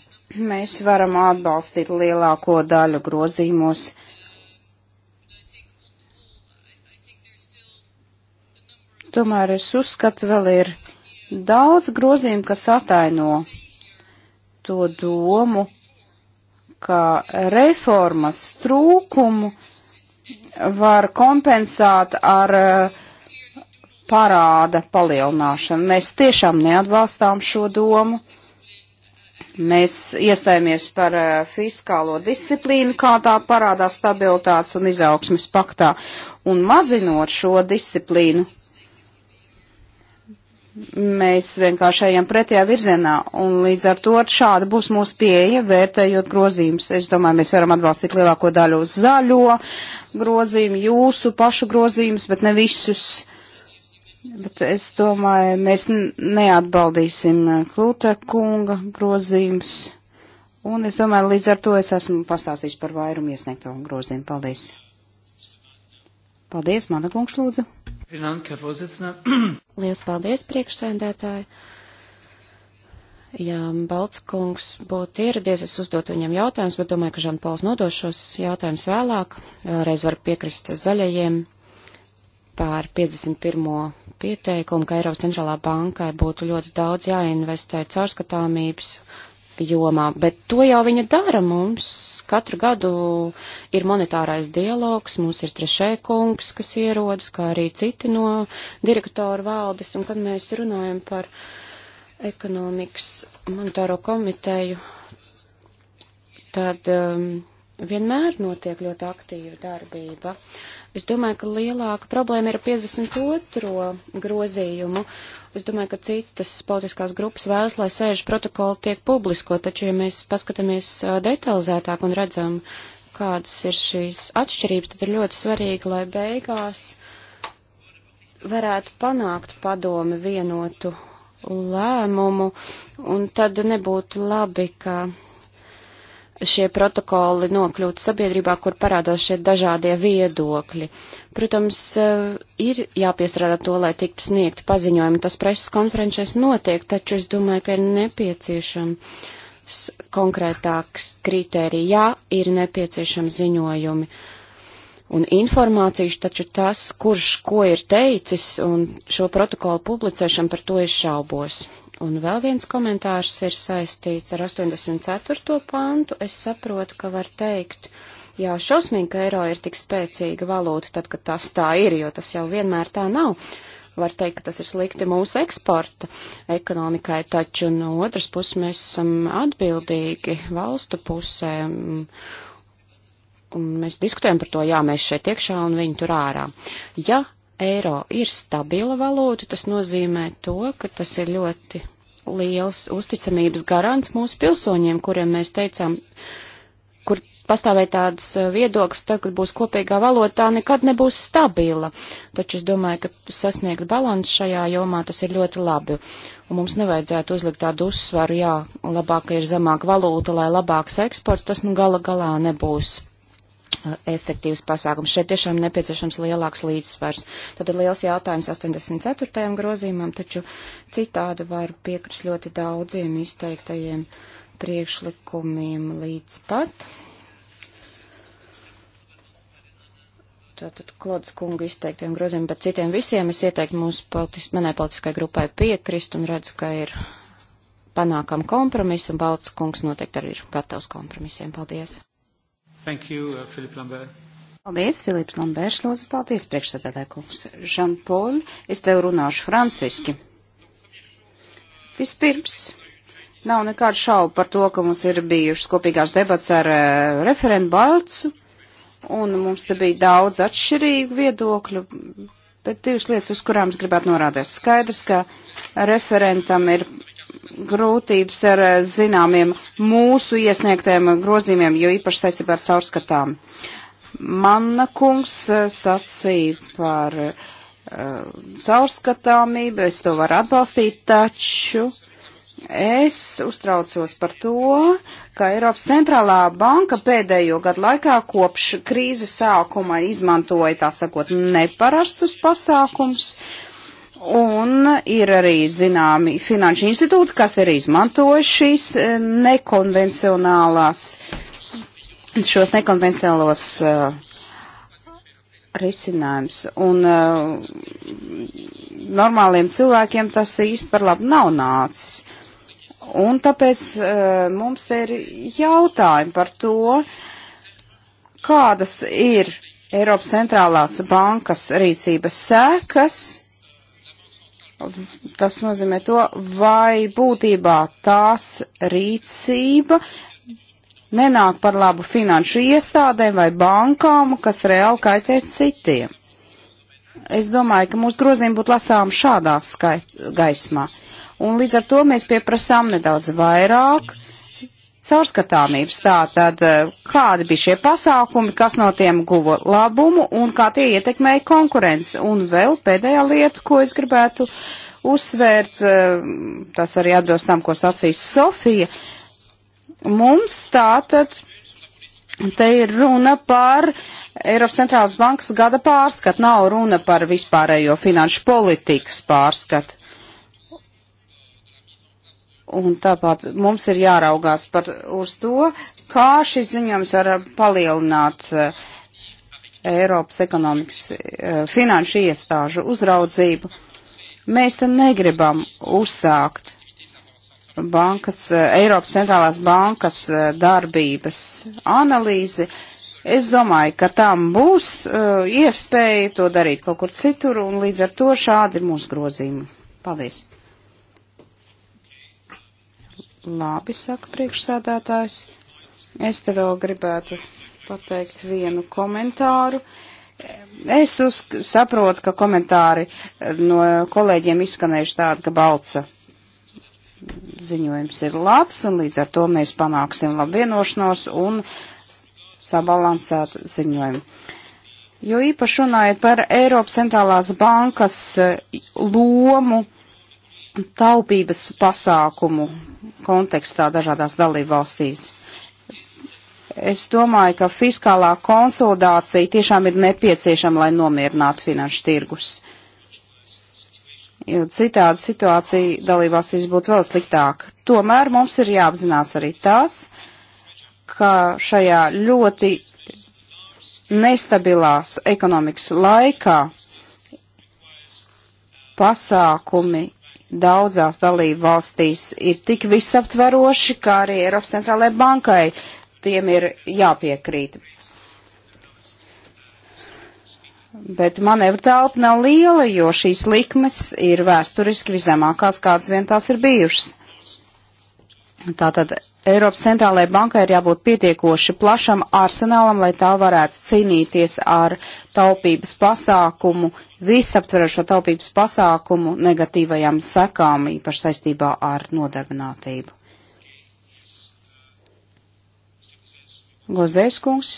mēs varam atbalstīt lielāko daļu grozījumos. Tomēr es uzskatu, vēl ir daudz grozījumu, kas ataino to domu, ka reformas trūkumu var kompensēt ar eh, parāda palielināšanu. Mēs tiešām neatbalstām šo domu. Mēs iestājāmies par eh, fiskālo disciplīnu, kā tā parādās stabilitātes un izaugsmes paktā, un mazinot šo disciplīnu mēs vienkārši ejam pretējā virzienā, un līdz ar to šāda būs mūsu pieeja, vērtējot grozījumus. Es domāju, mēs varam atbalstīt lielāko daļu uz zaļo grozījumu, jūsu pašu grozījumus, bet ne visus. Bet es domāju, mēs neatbaldīsim eh, Klūte kunga grozījumus, un es domāju, līdz ar to es esmu pastāstījis par vairumu iesniegto grozījumu. Paldies! Paldies, mana kungs, lūdzu! Lielas paldies, priekšsēdētāji! Ja Baltskungs būtu ieradies, es uzdotu viņam jautājumus, bet domāju, ka Žanpols nodos šos jautājumus vēlāk. Vēlreiz varu piekrist zaļajiem pār 51. pieteikumu, ka Eiropas centrālā bankai būtu ļoti daudz jāinvestē caurskatāmības jomā, bet to jau viņa dara mums. Katru gadu ir monetārais dialogs, mums ir trešē kungs, kas ierodas, kā arī citi no direktoru valdes, un kad mēs runājam par ekonomikas monetāro komiteju, tad um, vienmēr notiek ļoti aktīva darbība. Uh, Es domāju, ka lielāka problēma ir 52. grozījumu. Es domāju, ka citas politiskās grupas vēlas, lai sēžu protokoli tiek publisko, taču, ja mēs paskatāmies detalizētāk un redzam, kādas ir šīs atšķirības, tad ir ļoti svarīgi, lai beigās varētu panākt padomi vienotu lēmumu, un tad nebūtu labi, ka šie protokoli nokļūtu sabiedrībā, kur parādās šie dažādie viedokļi. Protams, eh, ir jāpiestrādā to, lai tiktu sniegti paziņojumi. Tas preses konferenčēs notiek, taču es domāju, ka ir nepieciešams konkrētāks kritērija. Jā, ir nepieciešams ziņojumi un informācijas, taču tas, kurš ko ir teicis un šo protokolu publicēšanu, par to es šaubos. Un vēl viens komentārs ir saistīts ar 84. pantu. Es saprotu, ka var teikt, jā, šausmīgi, ka eiro ir tik spēcīga valūta, tad, kad tas tā ir, jo tas jau vienmēr tā nav. Var teikt, ka tas ir slikti mūsu eksporta ekonomikai, taču no otras puses mēs esam atbildīgi valstu pusē. Un mēs diskutējam par to, jā, mēs šeit iekšā un viņi tur ārā. Ja eiro ir stabila valūta, tas nozīmē to, ka tas ir ļoti liels uzticamības garants mūsu pilsoņiem, kuriem mēs teicām, kur pastāvēja tādas eh, viedoklis, tad, kad būs kopīgā valotā, nekad nebūs stabila. Taču es domāju, ka sasniegt balansu šajā jomā tas ir ļoti labi. Un mums nevajadzētu uzlikt tādu uzsvaru, jā, labāk ir zemāka valūta, lai labāks eksports, tas nu gala galā nebūs efektīvs pasākums. Šeit tiešām nepieciešams lielāks līdzsvars. Tad ir liels jautājums 84. grozījumam, taču citādi var piekrist ļoti daudziem izteiktajiem priekšlikumiem līdz pat. Tātad Klods kunga izteiktiem grozījumiem, bet citiem visiem es ieteiktu mūsu politis, manai politiskai grupai piekrist un redzu, ka ir panākam kompromisu un Balts kungs noteikti arī ir gatavs kompromisiem. Paldies! Thank you, uh, Filip Lambert. Paldies, Filips Lambērs, lūdzu, paldies, priekšsēdētāj kungs. Žanpoļ, es tev runāšu franciski. Vispirms, nav nekādu šaubu par to, ka mums ir bijušas kopīgās debats ar uh, referentu Balcu, un mums te bija daudz atšķirīgu viedokļu, bet divas lietas, uz kurām es gribētu norādīt. Skaidrs, ka referentam ir grūtības ar eh, zināmiem mūsu iesniegtiem grozījumiem, jo īpaši saistībā ar caurskatām. Manna kungs eh, sacīja par uh, caurskatāmību, es to varu atbalstīt, taču es uztraucos par to, ka Eiropas centrālā banka pēdējo gadu laikā kopš krīzes sākuma izmantoja, tā sakot, neparastus pasākums. Uh, Un ir arī zināmi finanšu institūti, kas ir izmantojuši šīs eh, nekonvencionālās, šos nekonvencionālos uh, eh, risinājums. Un uh, normāliem cilvēkiem tas īsti par labu nav nācis. Un tāpēc uh, mums te ir jautājumi par to, kādas ir Eiropas centrālās bankas rīcības sēkas Tas nozīmē to, vai būtībā tās rīcība nenāk par labu finanšu iestādēm vai bankām, kas reāli kaitē citiem. Es domāju, ka mūsu grozījumi būtu lasām šādā skait, gaismā. Un līdz ar to mēs pieprasām nedaudz vairāk, uh, caurskatāmības. Tātad, eh, kādi bija šie pasākumi, kas no tiem guva labumu un kā tie ietekmēja konkurenci. Un vēl pēdējā lieta, ko es gribētu uzsvērt, eh, tas arī atbilst tam, ko sacīs Sofija. Mums tātad te ir runa par Eiropas centrālas bankas gada pārskatu, nav runa par vispārējo finanšu politikas pārskatu. Un tāpat mums ir jāraugās par, uz to, kā šis ziņojums var palielināt uh, Eiropas ekonomikas uh, finanšu iestāžu uzraudzību. Mēs te negribam uzsākt bankas, uh, Eiropas centrālās bankas darbības analīzi. Es domāju, ka tam būs iespēja to darīt kaut kur citur, un līdz ar to šādi ir mūsu grozījumi. Paldies! Labi, saka priekšsēdētājs. Es te vēl gribētu pateikt vienu komentāru. Es uz, saprotu, ka komentāri no kolēģiem izskanējuši tādi, ka balca ziņojums ir labs, un līdz ar to mēs panāksim labu vienošanos un sabalansētu ziņojumu. Jo īpaši runājot par Eiropas centrālās bankas lomu taupības pasākumu kontekstā dažādās dalībvalstīs. Es domāju, ka fiskālā konsolidācija tiešām ir nepieciešama, lai nomierinātu finanšu tirgus. Jo citādi situācija dalībvalstīs būtu vēl sliktāka. Tomēr mums ir jāapzinās arī tas, ka šajā ļoti nestabilās ekonomikas laikā pasākumi daudzās dalību valstīs ir tik visaptveroši, kā arī Eiropas centrālajai bankai tiem ir jāpiekrīt. Bet manevra telpa nav liela, jo šīs likmes ir vēsturiski viszemākās, kādas vien tās ir bijušas. Tātad Eiropas centrālajai bankai ir jābūt pietiekoši plašam arsenālam, lai tā varētu cīnīties ar taupības pasākumu, visaptverošo taupības pasākumu negatīvajām sekām, īpaši saistībā ar nodarbinātību. Gozēs kungs,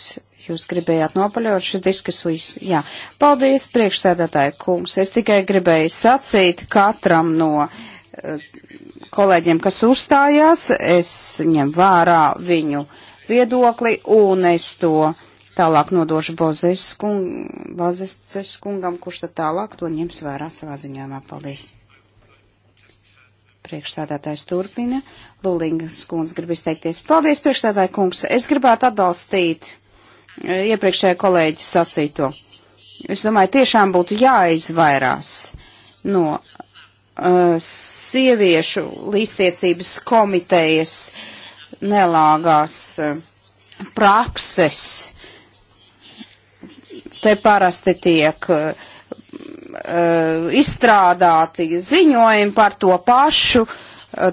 jūs gribējāt nopaļot šis diskusijas. Jā, paldies priekšsēdētāju kungs. Es tikai gribēju sacīt katram no. Uh, kolēģiem, kas uzstājās, es ņem vērā viņu viedokli un es to tālāk nodošu Bozes, kung, Bozes kungam, kurš tad tālāk to ņems vērā savā ziņojumā. Paldies! Priekšstādātājs turpina. Lulīngas kundze grib izteikties. Paldies, priekšstādāja kungs! Es gribētu atbalstīt e, iepriekšējā kolēģi sacīto. Es domāju, tiešām būtu jāizvairās no Uh, sieviešu līdztiesības komitejas nelāgās uh, prakses. Te parasti tiek uh, izstrādāti ziņojumi par to pašu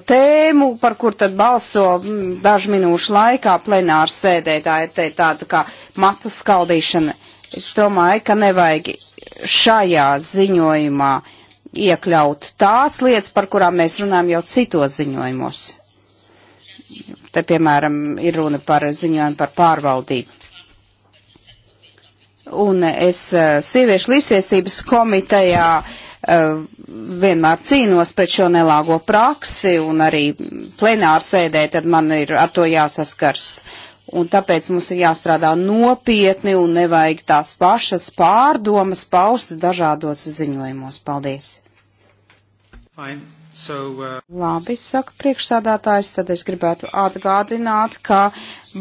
tēmu, par kur tad balso mm, dažu minūšu laikā plenāra sēdē. Tā ir tāda kā matu skaldīšana. Es domāju, ka nevajag šajā ziņojumā uh, iekļaut tās lietas, par kurām mēs runājam jau citos ziņojumos. Te, piemēram, ir runa par ziņojumu par pārvaldību. Un es eh, sieviešu līdztiesības komitejā eh, vienmēr cīnos pret šo nelāgo praksi un arī plenārsēdē, tad man ir ar to jāsaskars un tāpēc mums ir jāstrādā nopietni un nevajag tās pašas pārdomas paustas dažādos ziņojumos. Paldies! Fine. So, uh... Labi, saka priekšsādātājs, tad es gribētu atgādināt, ka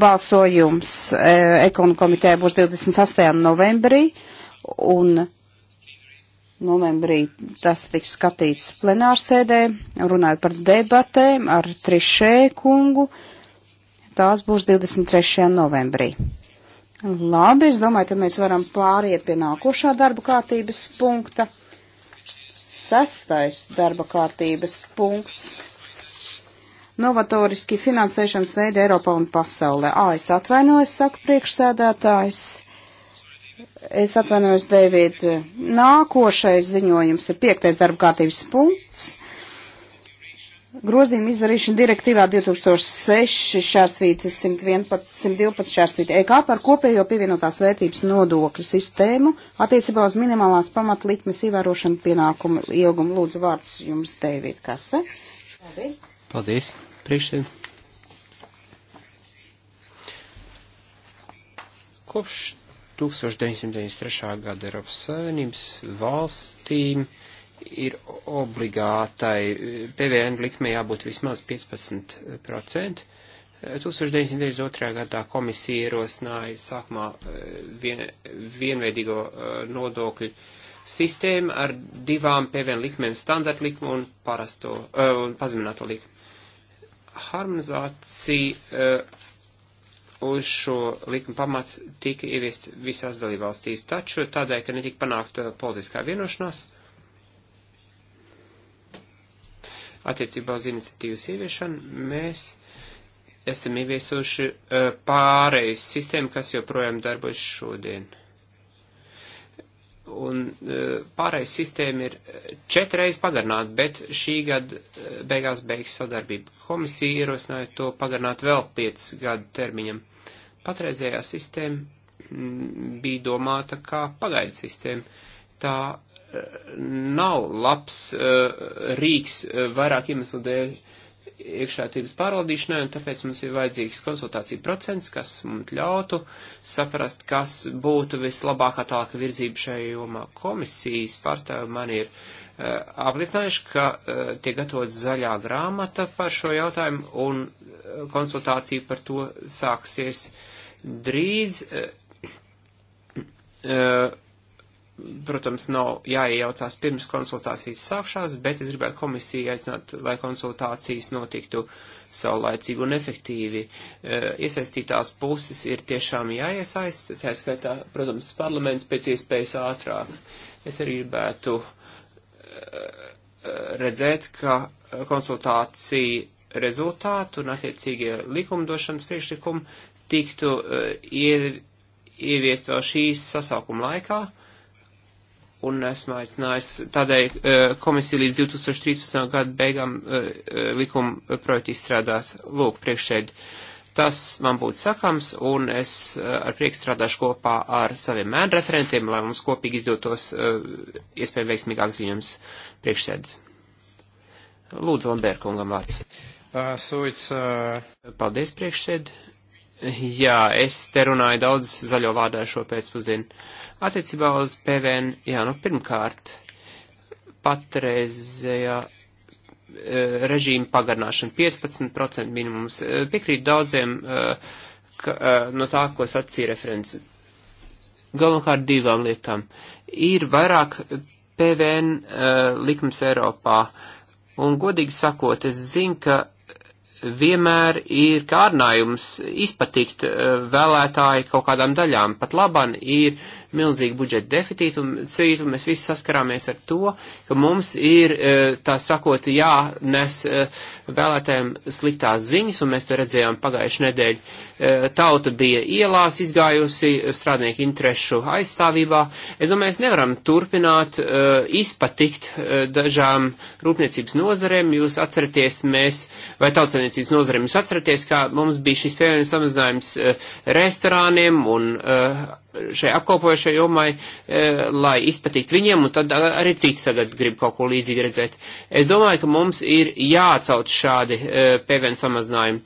balsojums e, ekonu komiteja būs 28. novembrī, un novembrī tas tiks skatīts plenārsēdē, runājot par debatēm ar Trišē kungu. Tās būs 23. novembrī. Labi, es domāju, ka mēs varam pāriet pie nākošā darba kārtības punkta sestais darba kārtības punkts. Novatoriski finansēšanas veidi Eiropā un pasaulē. Ā, es atvainojos, saka priekšsēdētājs. Es atvainojos, Deivid. Nākošais ziņojums ir piektais darba kārtības punkts. Grozījuma izdarīšana direktīvā 2006 šārsvīta 111, 112 šārsvīta EK par kopējo pievienotās vērtības nodokļu sistēmu attiecībā uz minimālās pamatlikmes ievērošanu pienākumu ilgumu. Lūdzu, vārds jums, Dēvid Kase. Paldies. Paldies, priekšsēd. Kopš 1993. gada Eiropas Savienības valstīm ir obligātai eh, PVN likmei jābūt vismaz 15%. 1992. Eh, gadā komisija ierosināja sākumā eh, vien, vienveidīgo nodokļu sistēmu ar divām PVN likmēm - standarta likmu un parasto, uh, un pazemināto likmu. Harmonizācija uh, uz šo likmu pamatu tika ieviest visās dalībvalstīs, taču tādēļ, ka netika panākta politiskā vienošanās, uh, attiecībā uz iniciatīvas ieviešanu mēs esam ieviesuši eh, pārejas sistēmu, kas joprojām darbojas šodien. Un eh, pārejas sistēma ir eh, četreiz pagarnāta, bet šī gada beigās beigs sadarbība. Komisija ierosināja to pagarnāt vēl piec gadu termiņam. Patreizējā sistēma mm, bija domāta kā pagaidu sistēma. Tā nav labs eh, rīks eh, vairāk iemeslu dēļ iekšā tirgus pārvaldīšanai, un tāpēc mums ir vajadzīgs konsultācija procents, kas mums ļautu saprast, kas būtu vislabākā tālāka virzība šajā jomā. Komisijas pārstāvi man ir uh, apliecinājuši, ka uh, tiek gatavot zaļā grāmata par šo jautājumu, un uh, konsultācija par to sāksies drīz. Uh, uh, protams, nav jāiejaucās pirms konsultācijas sākšās, bet es gribētu komisiju aicināt, lai konsultācijas notiktu saulaicīgi un efektīvi. E, iesaistītās puses ir tiešām jāiesaist, tā skaitā, protams, parlaments pēc iespējas ātrāk. Es arī gribētu e, redzēt, ka konsultācija rezultātu un attiecīgie likumdošanas priekšlikumi tiktu e, ieviest vēl šīs sasaukuma laikā un esmu aicinājis tādēļ e, komisiju līdz 2013. gada beigām e, e, likuma projektu izstrādāt. Lūk, priekšēd. Tas man būtu sakams, un es ar prieku strādāšu kopā ar saviem mēnu referentiem, lai mums kopīgi izdotos iespējami veiksmīgāk ziņums priekšsēdz. Lūdzu, Lamberkungam vārds. Uh, so it's, uh... Paldies, priekšsēdz Jā, es te runāju daudz zaļo vārdā šo pēcpusdienu. Attiecībā uz PVN, jā, nu pirmkārt, patreizējā e, režīma pagarnāšana 15% minimums. E, piekrīt daudziem e, ka, no tā, ko sacīja referents. Galvenokārt divām lietām. Ir vairāk PVN likums Eiropā, un godīgi sakot, es zinu, ka vienmēr ir kārdinājums izpatikt eh, vēlētāji kaut kādām daļām. Pat laban ir milzīgu budžeta deficītu, un, cītu, un mēs visi saskarāmies ar to, ka mums ir, e, tā sakot, jānes e, vēlētēm sliktās ziņas, un mēs to redzējām pagājuši nedēļu. E, tauta bija ielās izgājusi strādnieku interešu aizstāvībā. Es domāju, mēs nevaram turpināt izpatikt dažām rūpniecības nozarēm. Jūs atceraties, mēs, vai tautsamniecības nozarēm, jūs atceraties, kā mums bija šis pievienojums samazinājums restorāniem un uh, šai apkalpojušai jomai, e, lai izpatītu viņiem, un tad arī citi tagad grib kaut ko līdzīgi redzēt. Es domāju, ka mums ir jāatsauc šādi e, PVN samazinājumi.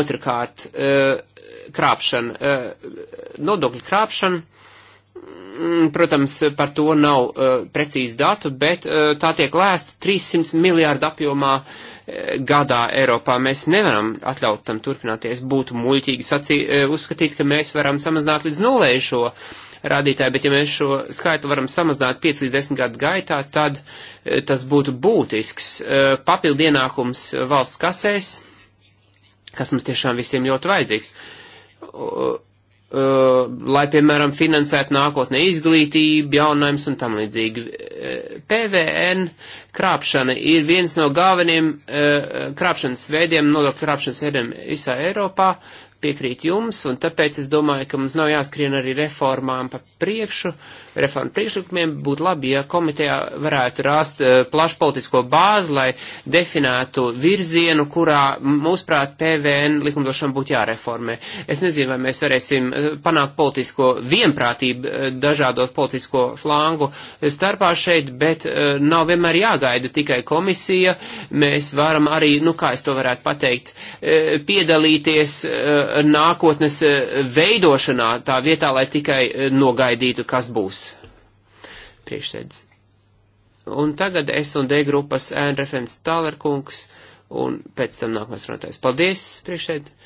Otrakārt, e, krāpšana, nodokļu krāpšana. Mm, protams, par to nav uh, precīzi datu, bet uh, tā tiek lēsta 300 miljārdu apjomā uh, gadā Eiropā. Mēs nevaram atļaut tam turpināties. Būtu muļķīgi sacī, e, uzskatīt, ka mēs varam samazināt līdz nulē šo rādītāju, bet ja mēs šo skaitu varam samazināt 5 līdz 10 gadu gaitā, tad e, tas būtu būtisks e, papildu ienākums valsts kasēs, kas mums tiešām visiem ļoti vajadzīgs Uh, lai, piemēram, finansētu nākotnē izglītību, jaunājums un tam līdzīgi. Uh, PVN krāpšana ir viens no galveniem uh, krāpšanas veidiem, nodokļu krāpšanas veidiem visā Eiropā, piekrīt jums, un tāpēc es domāju, ka mums nav jāskrien arī reformām pa priekšu, uh, reformu priekšlikumiem, būtu labi, ja komitejā varētu rast eh, plašu politisko bāzi, lai definētu virzienu, kurā, mūsuprāt, PVN likumdošana būtu jāreformē. Es nezinu, vai mēs varēsim eh, panākt politisko vienprātību eh, dažādot politisko flangu starpā šeit, bet nav vienmēr jāgaida tikai komisija. Mēs varam arī, nu kā es to varētu pateikt, piedalīties nākotnes veidošanā tā vietā, lai tikai nogaidītu, kas būs priekšsēdz. Un tagad S un D grupas ēn referents Tālerkungs, un pēc tam nākamais runātājs. Paldies, priekšsēdz.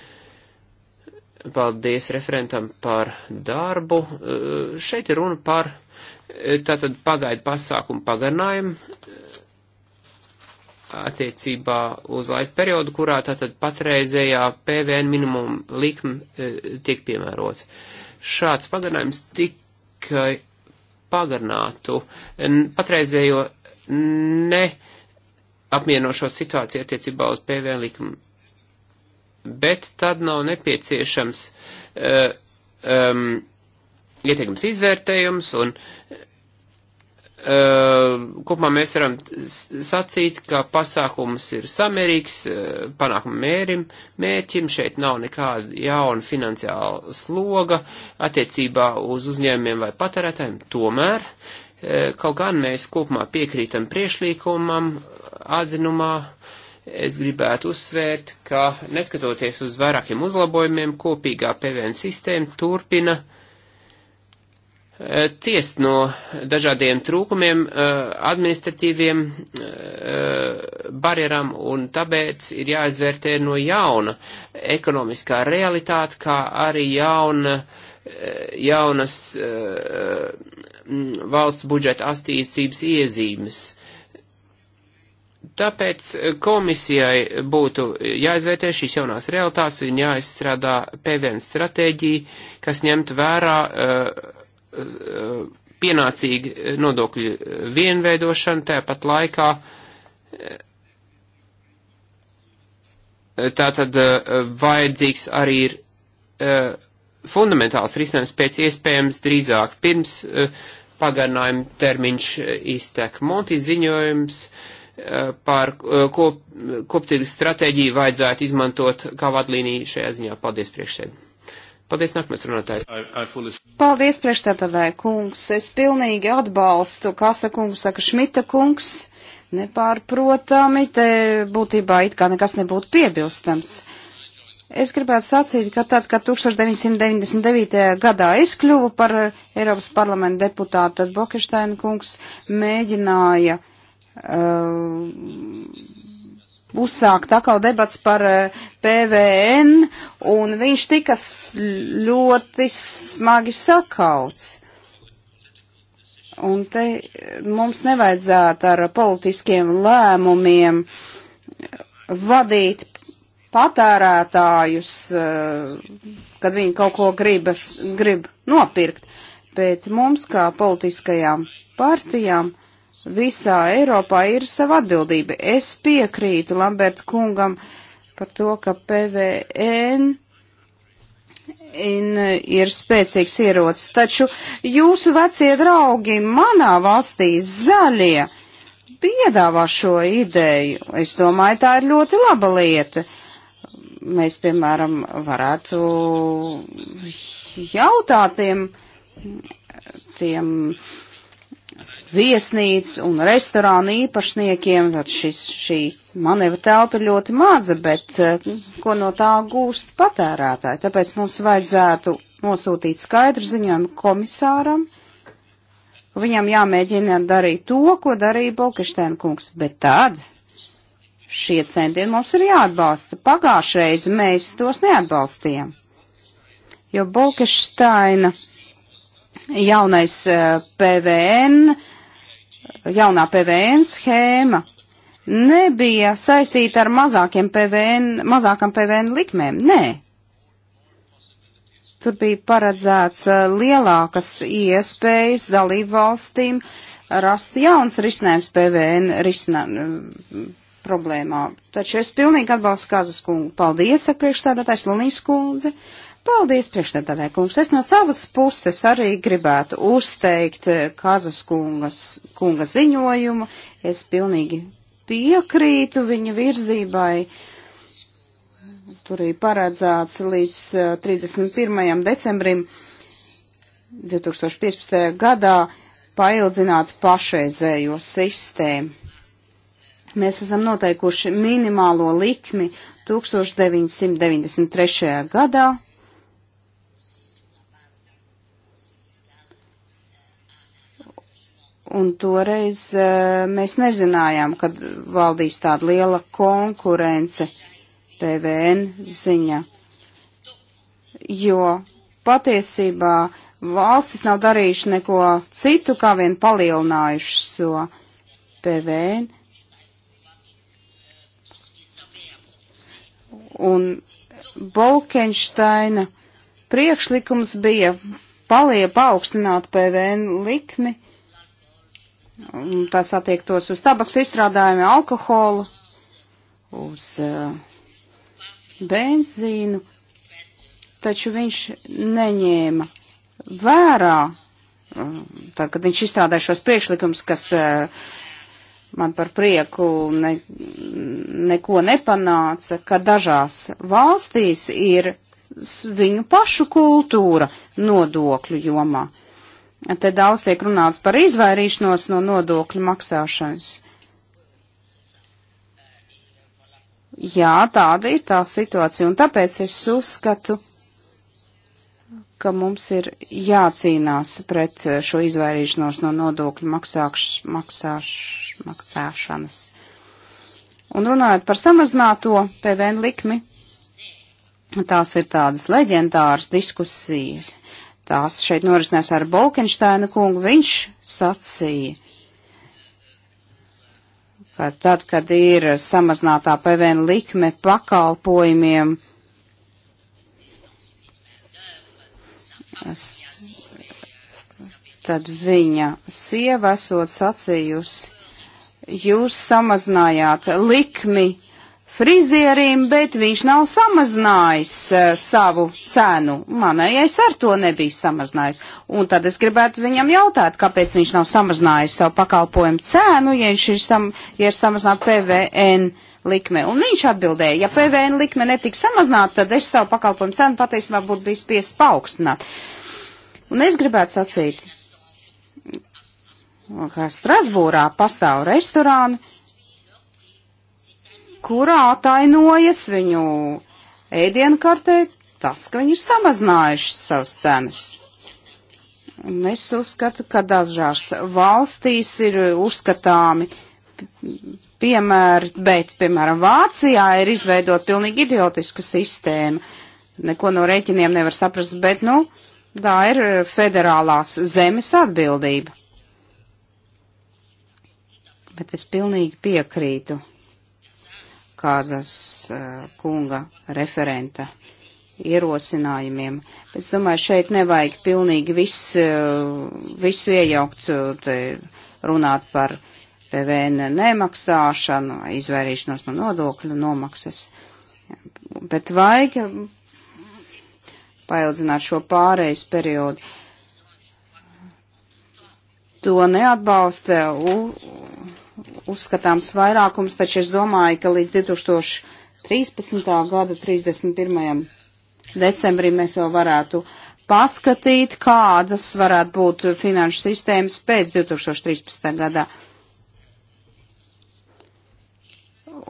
Paldies referentam par darbu. Eh, šeit ir runa par eh, tātad pagaidu pasākumu pagarinājumu eh, attiecībā uz laika periodu, kurā tātad patreizējā PVN minimuma likme tiek piemērot. Šāds pagarinājums tikai pagarinātu patreizējo neapmienošo situāciju attiecībā uz PVN likumu. Bet tad nav nepieciešams uh, um, ietekmes izvērtējums un uh, Eh, kopumā mēs varam sacīt, ka pasākums ir samērīgs, eh, panākuma mērim, mērķim, šeit nav nekāda jauna finansiāla sloga attiecībā uz uzņēmumiem vai patērētājiem. Tomēr, eh, kaut gan mēs kopumā piekrītam priešlīkumam, atzinumā, es gribētu uzsvērt, ka neskatoties uz vairākiem uzlabojumiem, kopīgā PVN sistēma turpina uh, Eh, ciest no dažādiem trūkumiem, eh, administratīviem eh, barjeram, un tāpēc ir jāizvērtē no jauna ekonomiskā realitāte, kā arī jauna, jaunas valsts budžeta attīstības iezīmes. Tāpēc komisijai būtu jāizvērtē šīs jaunās realitātes un jāizstrādā PVN stratēģija, kas ņemtu vērā uh, Eh, pienācīgi nodokļu vienveidošana, tāpat laikā eh, tātad eh, vajadzīgs arī ir fundamentāls risinājums pēc iespējams drīzāk pirms pagarinājuma termiņš iztek. Monti ziņojums par kop, koptīgu stratēģiju vajadzētu izmantot kā vadlīniju šajā ziņā. Paldies priekšsēdētājiem! Paldies, nākamais runātājs. Paldies, priekšstādātāja kungs. Es pilnīgi atbalstu, kā saka kungs, saka Šmita kungs. Nepārprotami, te būtībā it kā nekas nebūtu piebilstams. Es gribētu sacīt, ka tad, kad 1999. gadā es kļuvu par Eiropas parlamenta deputātu, tad Bokeštaina kungs mēģināja uh, uzsākt atkal debats par eh, PVN, un viņš tika ļoti smagi sakauts. Un te eh, mums nevajadzētu ar politiskiem lēmumiem eh, vadīt patērētājus, kad viņi kaut ko gribas, grib nopirkt, bet mums kā politiskajām partijām visā Eiropā ir sava atbildība. Es piekrītu Lamberta kungam par to, ka PVN in, ir spēcīgs ierocis, taču jūsu vecie draugi manā valstī zaļie piedāvā šo ideju. Es domāju, tā ir ļoti laba lieta. Mēs, piemēram, varētu jautāt tiem, tiem uh, viesnīcu un restorānu īpašniekiem, tad šis, šī manevra telpa ir ļoti maza, bet eh, ko no tā gūst patērētāji. Tāpēc mums vajadzētu nosūtīt skaidru ziņojumu komisāram, ka viņam jāmēģina darīt to, ko darīja Bolkešteina kungs, bet tad šie centieni mums ir jāatbalsta. Pagājušreiz mēs tos neatbalstījām, jo Bolkešteina jaunais eh, PVN jaunā PVN schēma nebija saistīta ar mazākiem PVN, mazākam PVN likmēm. Nē. Tur bija paredzēts uh, lielākas iespējas dalību valstīm rast jauns risinājums PVN risinā, mm, problēmā. Taču es pilnīgi atbalstu Kazas kungu. Paldies, priekšstādātais Lunīs kundze. Uh, Paldies, priekšstādātāji kungs. Es no savas puses arī gribētu uzteikt eh, Kazas kungas, kunga ziņojumu. Es pilnīgi piekrītu viņa virzībai. Tur ir paredzēts līdz 31. Eh, decembrim 2015. gadā paildzināt pašreizējo sistēmu. Mēs esam noteikuši minimālo likmi 1993. gadā un toreiz eh, mēs nezinājām, kad valdīs tāda liela konkurence PVN ziņa, jo patiesībā valstis nav darījuši neko citu, kā vien palielinājuši šo so PVN. Un Bolkensteina priekšlikums bija palie paaugstināt PVN likmi Un tas attiektos uz tabaks izstrādājumiem, alkoholu, uz uh, benzīnu, taču viņš neņēma vērā, uh, tad, kad viņš izstrādāja šos priekšlikums, kas uh, man par prieku ne, neko nepanāca, ka dažās valstīs ir viņu pašu kultūra nodokļu jomā. Uh, Te daudz tiek runāts par izvairīšanos no nodokļu maksāšanas. Jā, tāda ir tā situācija, un tāpēc es uzskatu, ka mums ir jācīnās pret šo izvairīšanos no nodokļu maksākš, maksāš, maksāšanas. Un runājot par samazināto PVN likmi, tās ir tādas leģendāras diskusijas tās šeit norisinās ar Bolkensteina kungu, viņš sacīja, ka tad, kad ir samazinātā PVN likme pakalpojumiem, tad viņa sieva esot sacījusi, jūs samazinājāt likmi frizierim, bet viņš nav samazinājis uh, savu cenu. Manējais ar to nebija samazinājis. Un tad es gribētu viņam jautāt, kāpēc viņš nav samazinājis savu pakalpojumu cenu, ja viņš ir, sam, ja ir samazinājis PVN likme. Un viņš atbildēja, ja PVN likme netiks samazināta, tad es savu pakalpojumu cenu patiesībā būtu bijis spiest paaugstināt. Un es gribētu sacīt, ka Strasbūrā pastāv restorāni, kurā atainojas viņu ēdienkartē tas, ka viņi ir samazinājuši savas cenas. Un es uzskatu, ka dažās valstīs ir uzskatāmi piemēri, bet, piemēram, Vācijā ir izveidot pilnīgi idiotiska sistēma. Neko no rēķiniem nevar saprast, bet, nu, tā ir federālās zemes atbildība. Bet es pilnīgi piekrītu kādas eh, kunga referenta ierosinājumiem. Es domāju, šeit nevajag pilnīgi visu, eh, visu iejaukt, eh, runāt par PVN nemaksāšanu, izvairīšanos no nodokļu nomaksas. Bet vajag paildzināt šo pārejas periodu. To neatbalsta uzskatāms vairākums, taču es domāju, ka līdz 2013. gada 31. decembrim mēs vēl varētu paskatīt, kādas varētu būt finanšu sistēmas pēc 2013. gadā.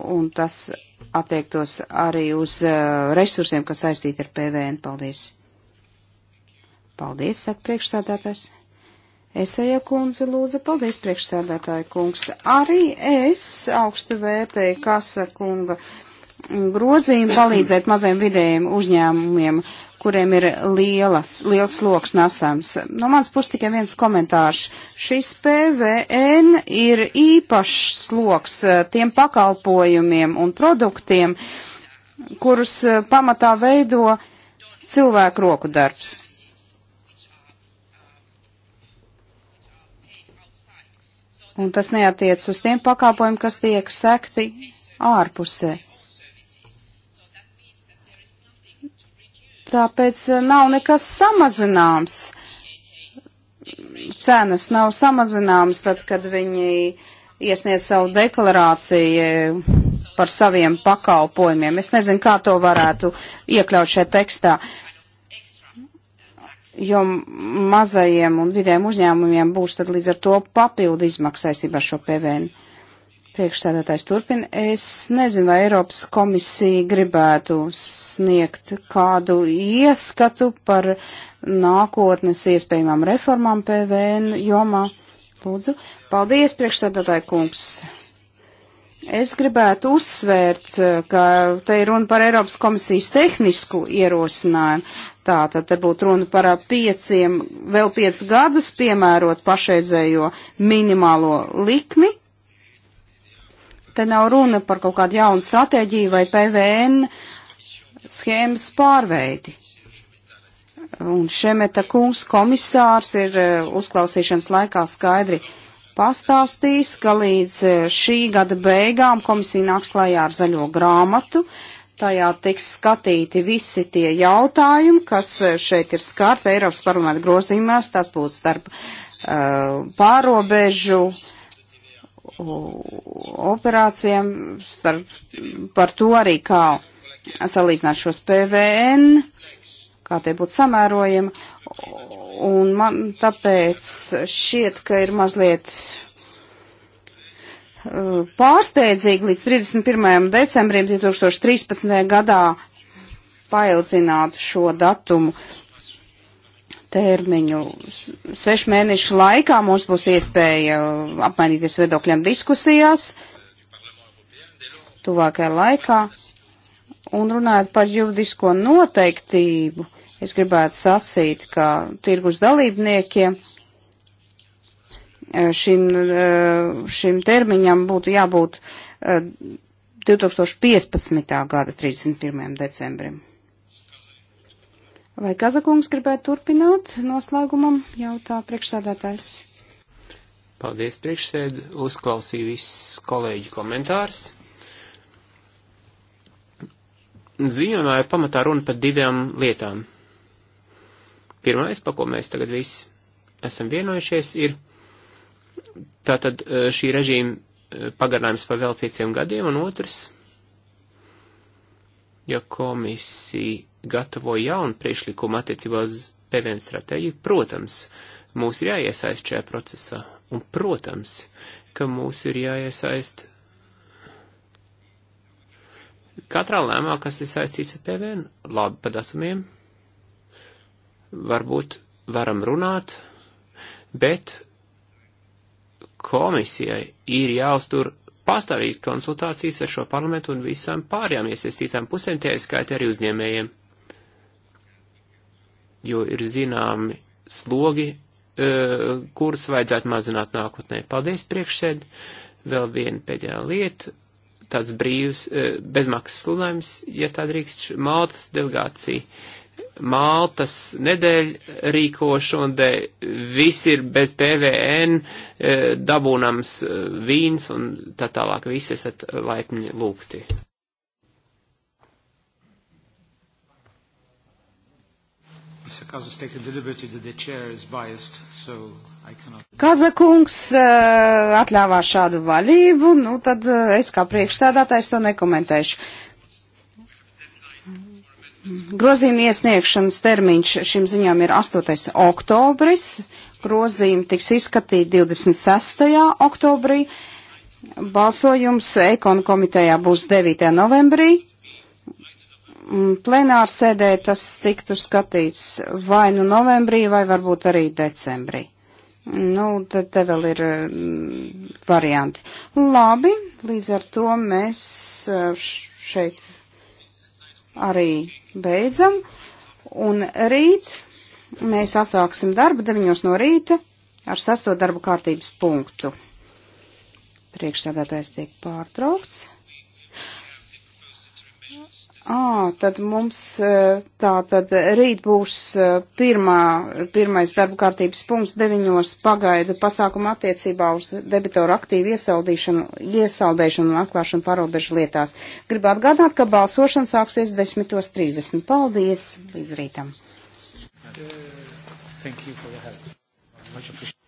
Un tas attiektos arī uz uh, resursiem, kas saistīti ar PVN. Paldies! Paldies, saka priekšstādātājs. Esēja kundze lūdza, paldies priekšsēdētāju kungs. Arī es augstu vērtēju Kasa kunga grozījumu palīdzēt maziem vidējiem uzņēmumiem, kuriem ir lielas, liels sloks nesams. No mans puses tikai viens komentārs. Šis PVN ir īpašs sloks eh, tiem pakalpojumiem un produktiem, kurus eh, pamatā veido cilvēku roku darbs un tas neatiec uz tiem pakāpojumiem, kas tiek sekti ārpusē. Tāpēc eh, nav nekas samazināms. Cenas nav samazināmas tad, kad viņi iesniedz savu deklarāciju par saviem pakalpojumiem. Es nezinu, kā to varētu iekļaut šajā tekstā. Uh, jo mazajiem un vidējiem uzņēmumiem būs tad līdz ar to papildu izmaksas saistībā ar šo PVN. Priekšsēdētājs turpina. Es nezinu, vai Eiropas komisija gribētu sniegt kādu ieskatu par nākotnes iespējamām reformām PVN jomā. Lūdzu, paldies, priekšsēdētāji kungs. Es gribētu uzsvērt, ka te ir runa par Eiropas komisijas tehnisku ierosinājumu. Tā tad te būtu runa par pieciem, vēl piecus gadus piemērot pašreizējo minimālo likmi. Te nav runa par kaut kādu jaunu stratēģiju vai PVN schēmas pārveidi. Un Šemeta kungs komisārs ir uzklausīšanas laikā skaidri pastāstījis, ka līdz šī gada beigām komisija nāks klājā ar zaļo grāmatu, uh, Tajā tiks skatīti visi tie jautājumi, kas šeit ir skārta Eiropas parlamenta grozījumās. Tas būs starp uh, pārobežu operācijām, starp, par to arī kā salīdzināt šos PVN, kā tie būtu samērojami. Un man tāpēc šķiet, ka ir mazliet Uh, pārsteidzīgi līdz 31. decembrim 2013. gadā paildzināt šo datumu termiņu. Sešu mēnešu laikā mums būs iespēja apmainīties viedokļiem diskusijās tuvākajā laikā. Un runājot par juridisko noteiktību, es gribētu sacīt, ka tirgus dalībniekiem E, šim, e, šim termiņam būtu jābūt 2015. E, gada 31. decembrim. Vai Kazakungs gribētu turpināt noslēgumam, jautā priekšsādātājs? Paldies priekšsēd, uzklausīju visus kolēģi komentārus. Ziņojumā ir pamatā runa par divām lietām. Pirmais, pa ko mēs tagad visi esam vienojušies, ir Tātad e, šī režīma e, pagarinājums par vēl pieciem gadiem, un otrs, ja komisija gatavo jaunu priekšlikumu attiecībā uz PVN stratēģiju, protams, mūs ir jāiesaist šajā procesā, un protams, ka mūs ir jāiesaist katrā lēmā, kas ir saistīts ar PVN, labi pa datumiem, varbūt varam runāt, bet komisijai ir jāuztur pastāvīgas konsultācijas ar šo parlamentu un visām pārējām iesaistītām pusēm, tie skaitā arī uzņēmējiem, jo ir zināmi slogi, e, kurus vajadzētu mazināt nākotnē. Paldies priekšsēd, vēl viena pēdējā lieta, tāds brīvs, e, bezmaksas sludinājums, ja tā drīkst, Maltas delegācija Maltas nedēļa rīkošana, de viss ir bez PVN, e, dabūnams e, vīns un tā tālāk. Visi esat laipni lūgti. Kazakungs e, atļāvā šādu valību, nu tad es kā priekšstādātājs to nekomentēšu. Grozījuma iesniegšanas termiņš šim ziņām ir 8. oktobris, grozījumi tiks izskatīti 26. oktobrī, balsojums ekonu komitejā būs 9. novembrī, plenārsēdē tas tiktu skatīts vai nu novembrī, vai varbūt arī decembrī. Nu, tad te vēl ir mm, varianti. Labi, līdz ar to mēs eh, šeit arī beidzam. Un rīt mēs atsāksim darbu 9 no rīta ar sasto darbu kārtības punktu. Priekšsēdētājs tiek pārtraukts. Ā, tad mums tā tad rīt būs pirmā, pirmais darba kārtības punkts deviņos pagaidu pasākumu attiecībā uz debitoru aktīvu iesaldīšanu, iesaldēšanu un atklāšanu parobežu lietās. Gribu atgādināt, ka balsošana sāksies 10.30. Paldies! Līdz rītam! Thank you for your help. Much appreciated.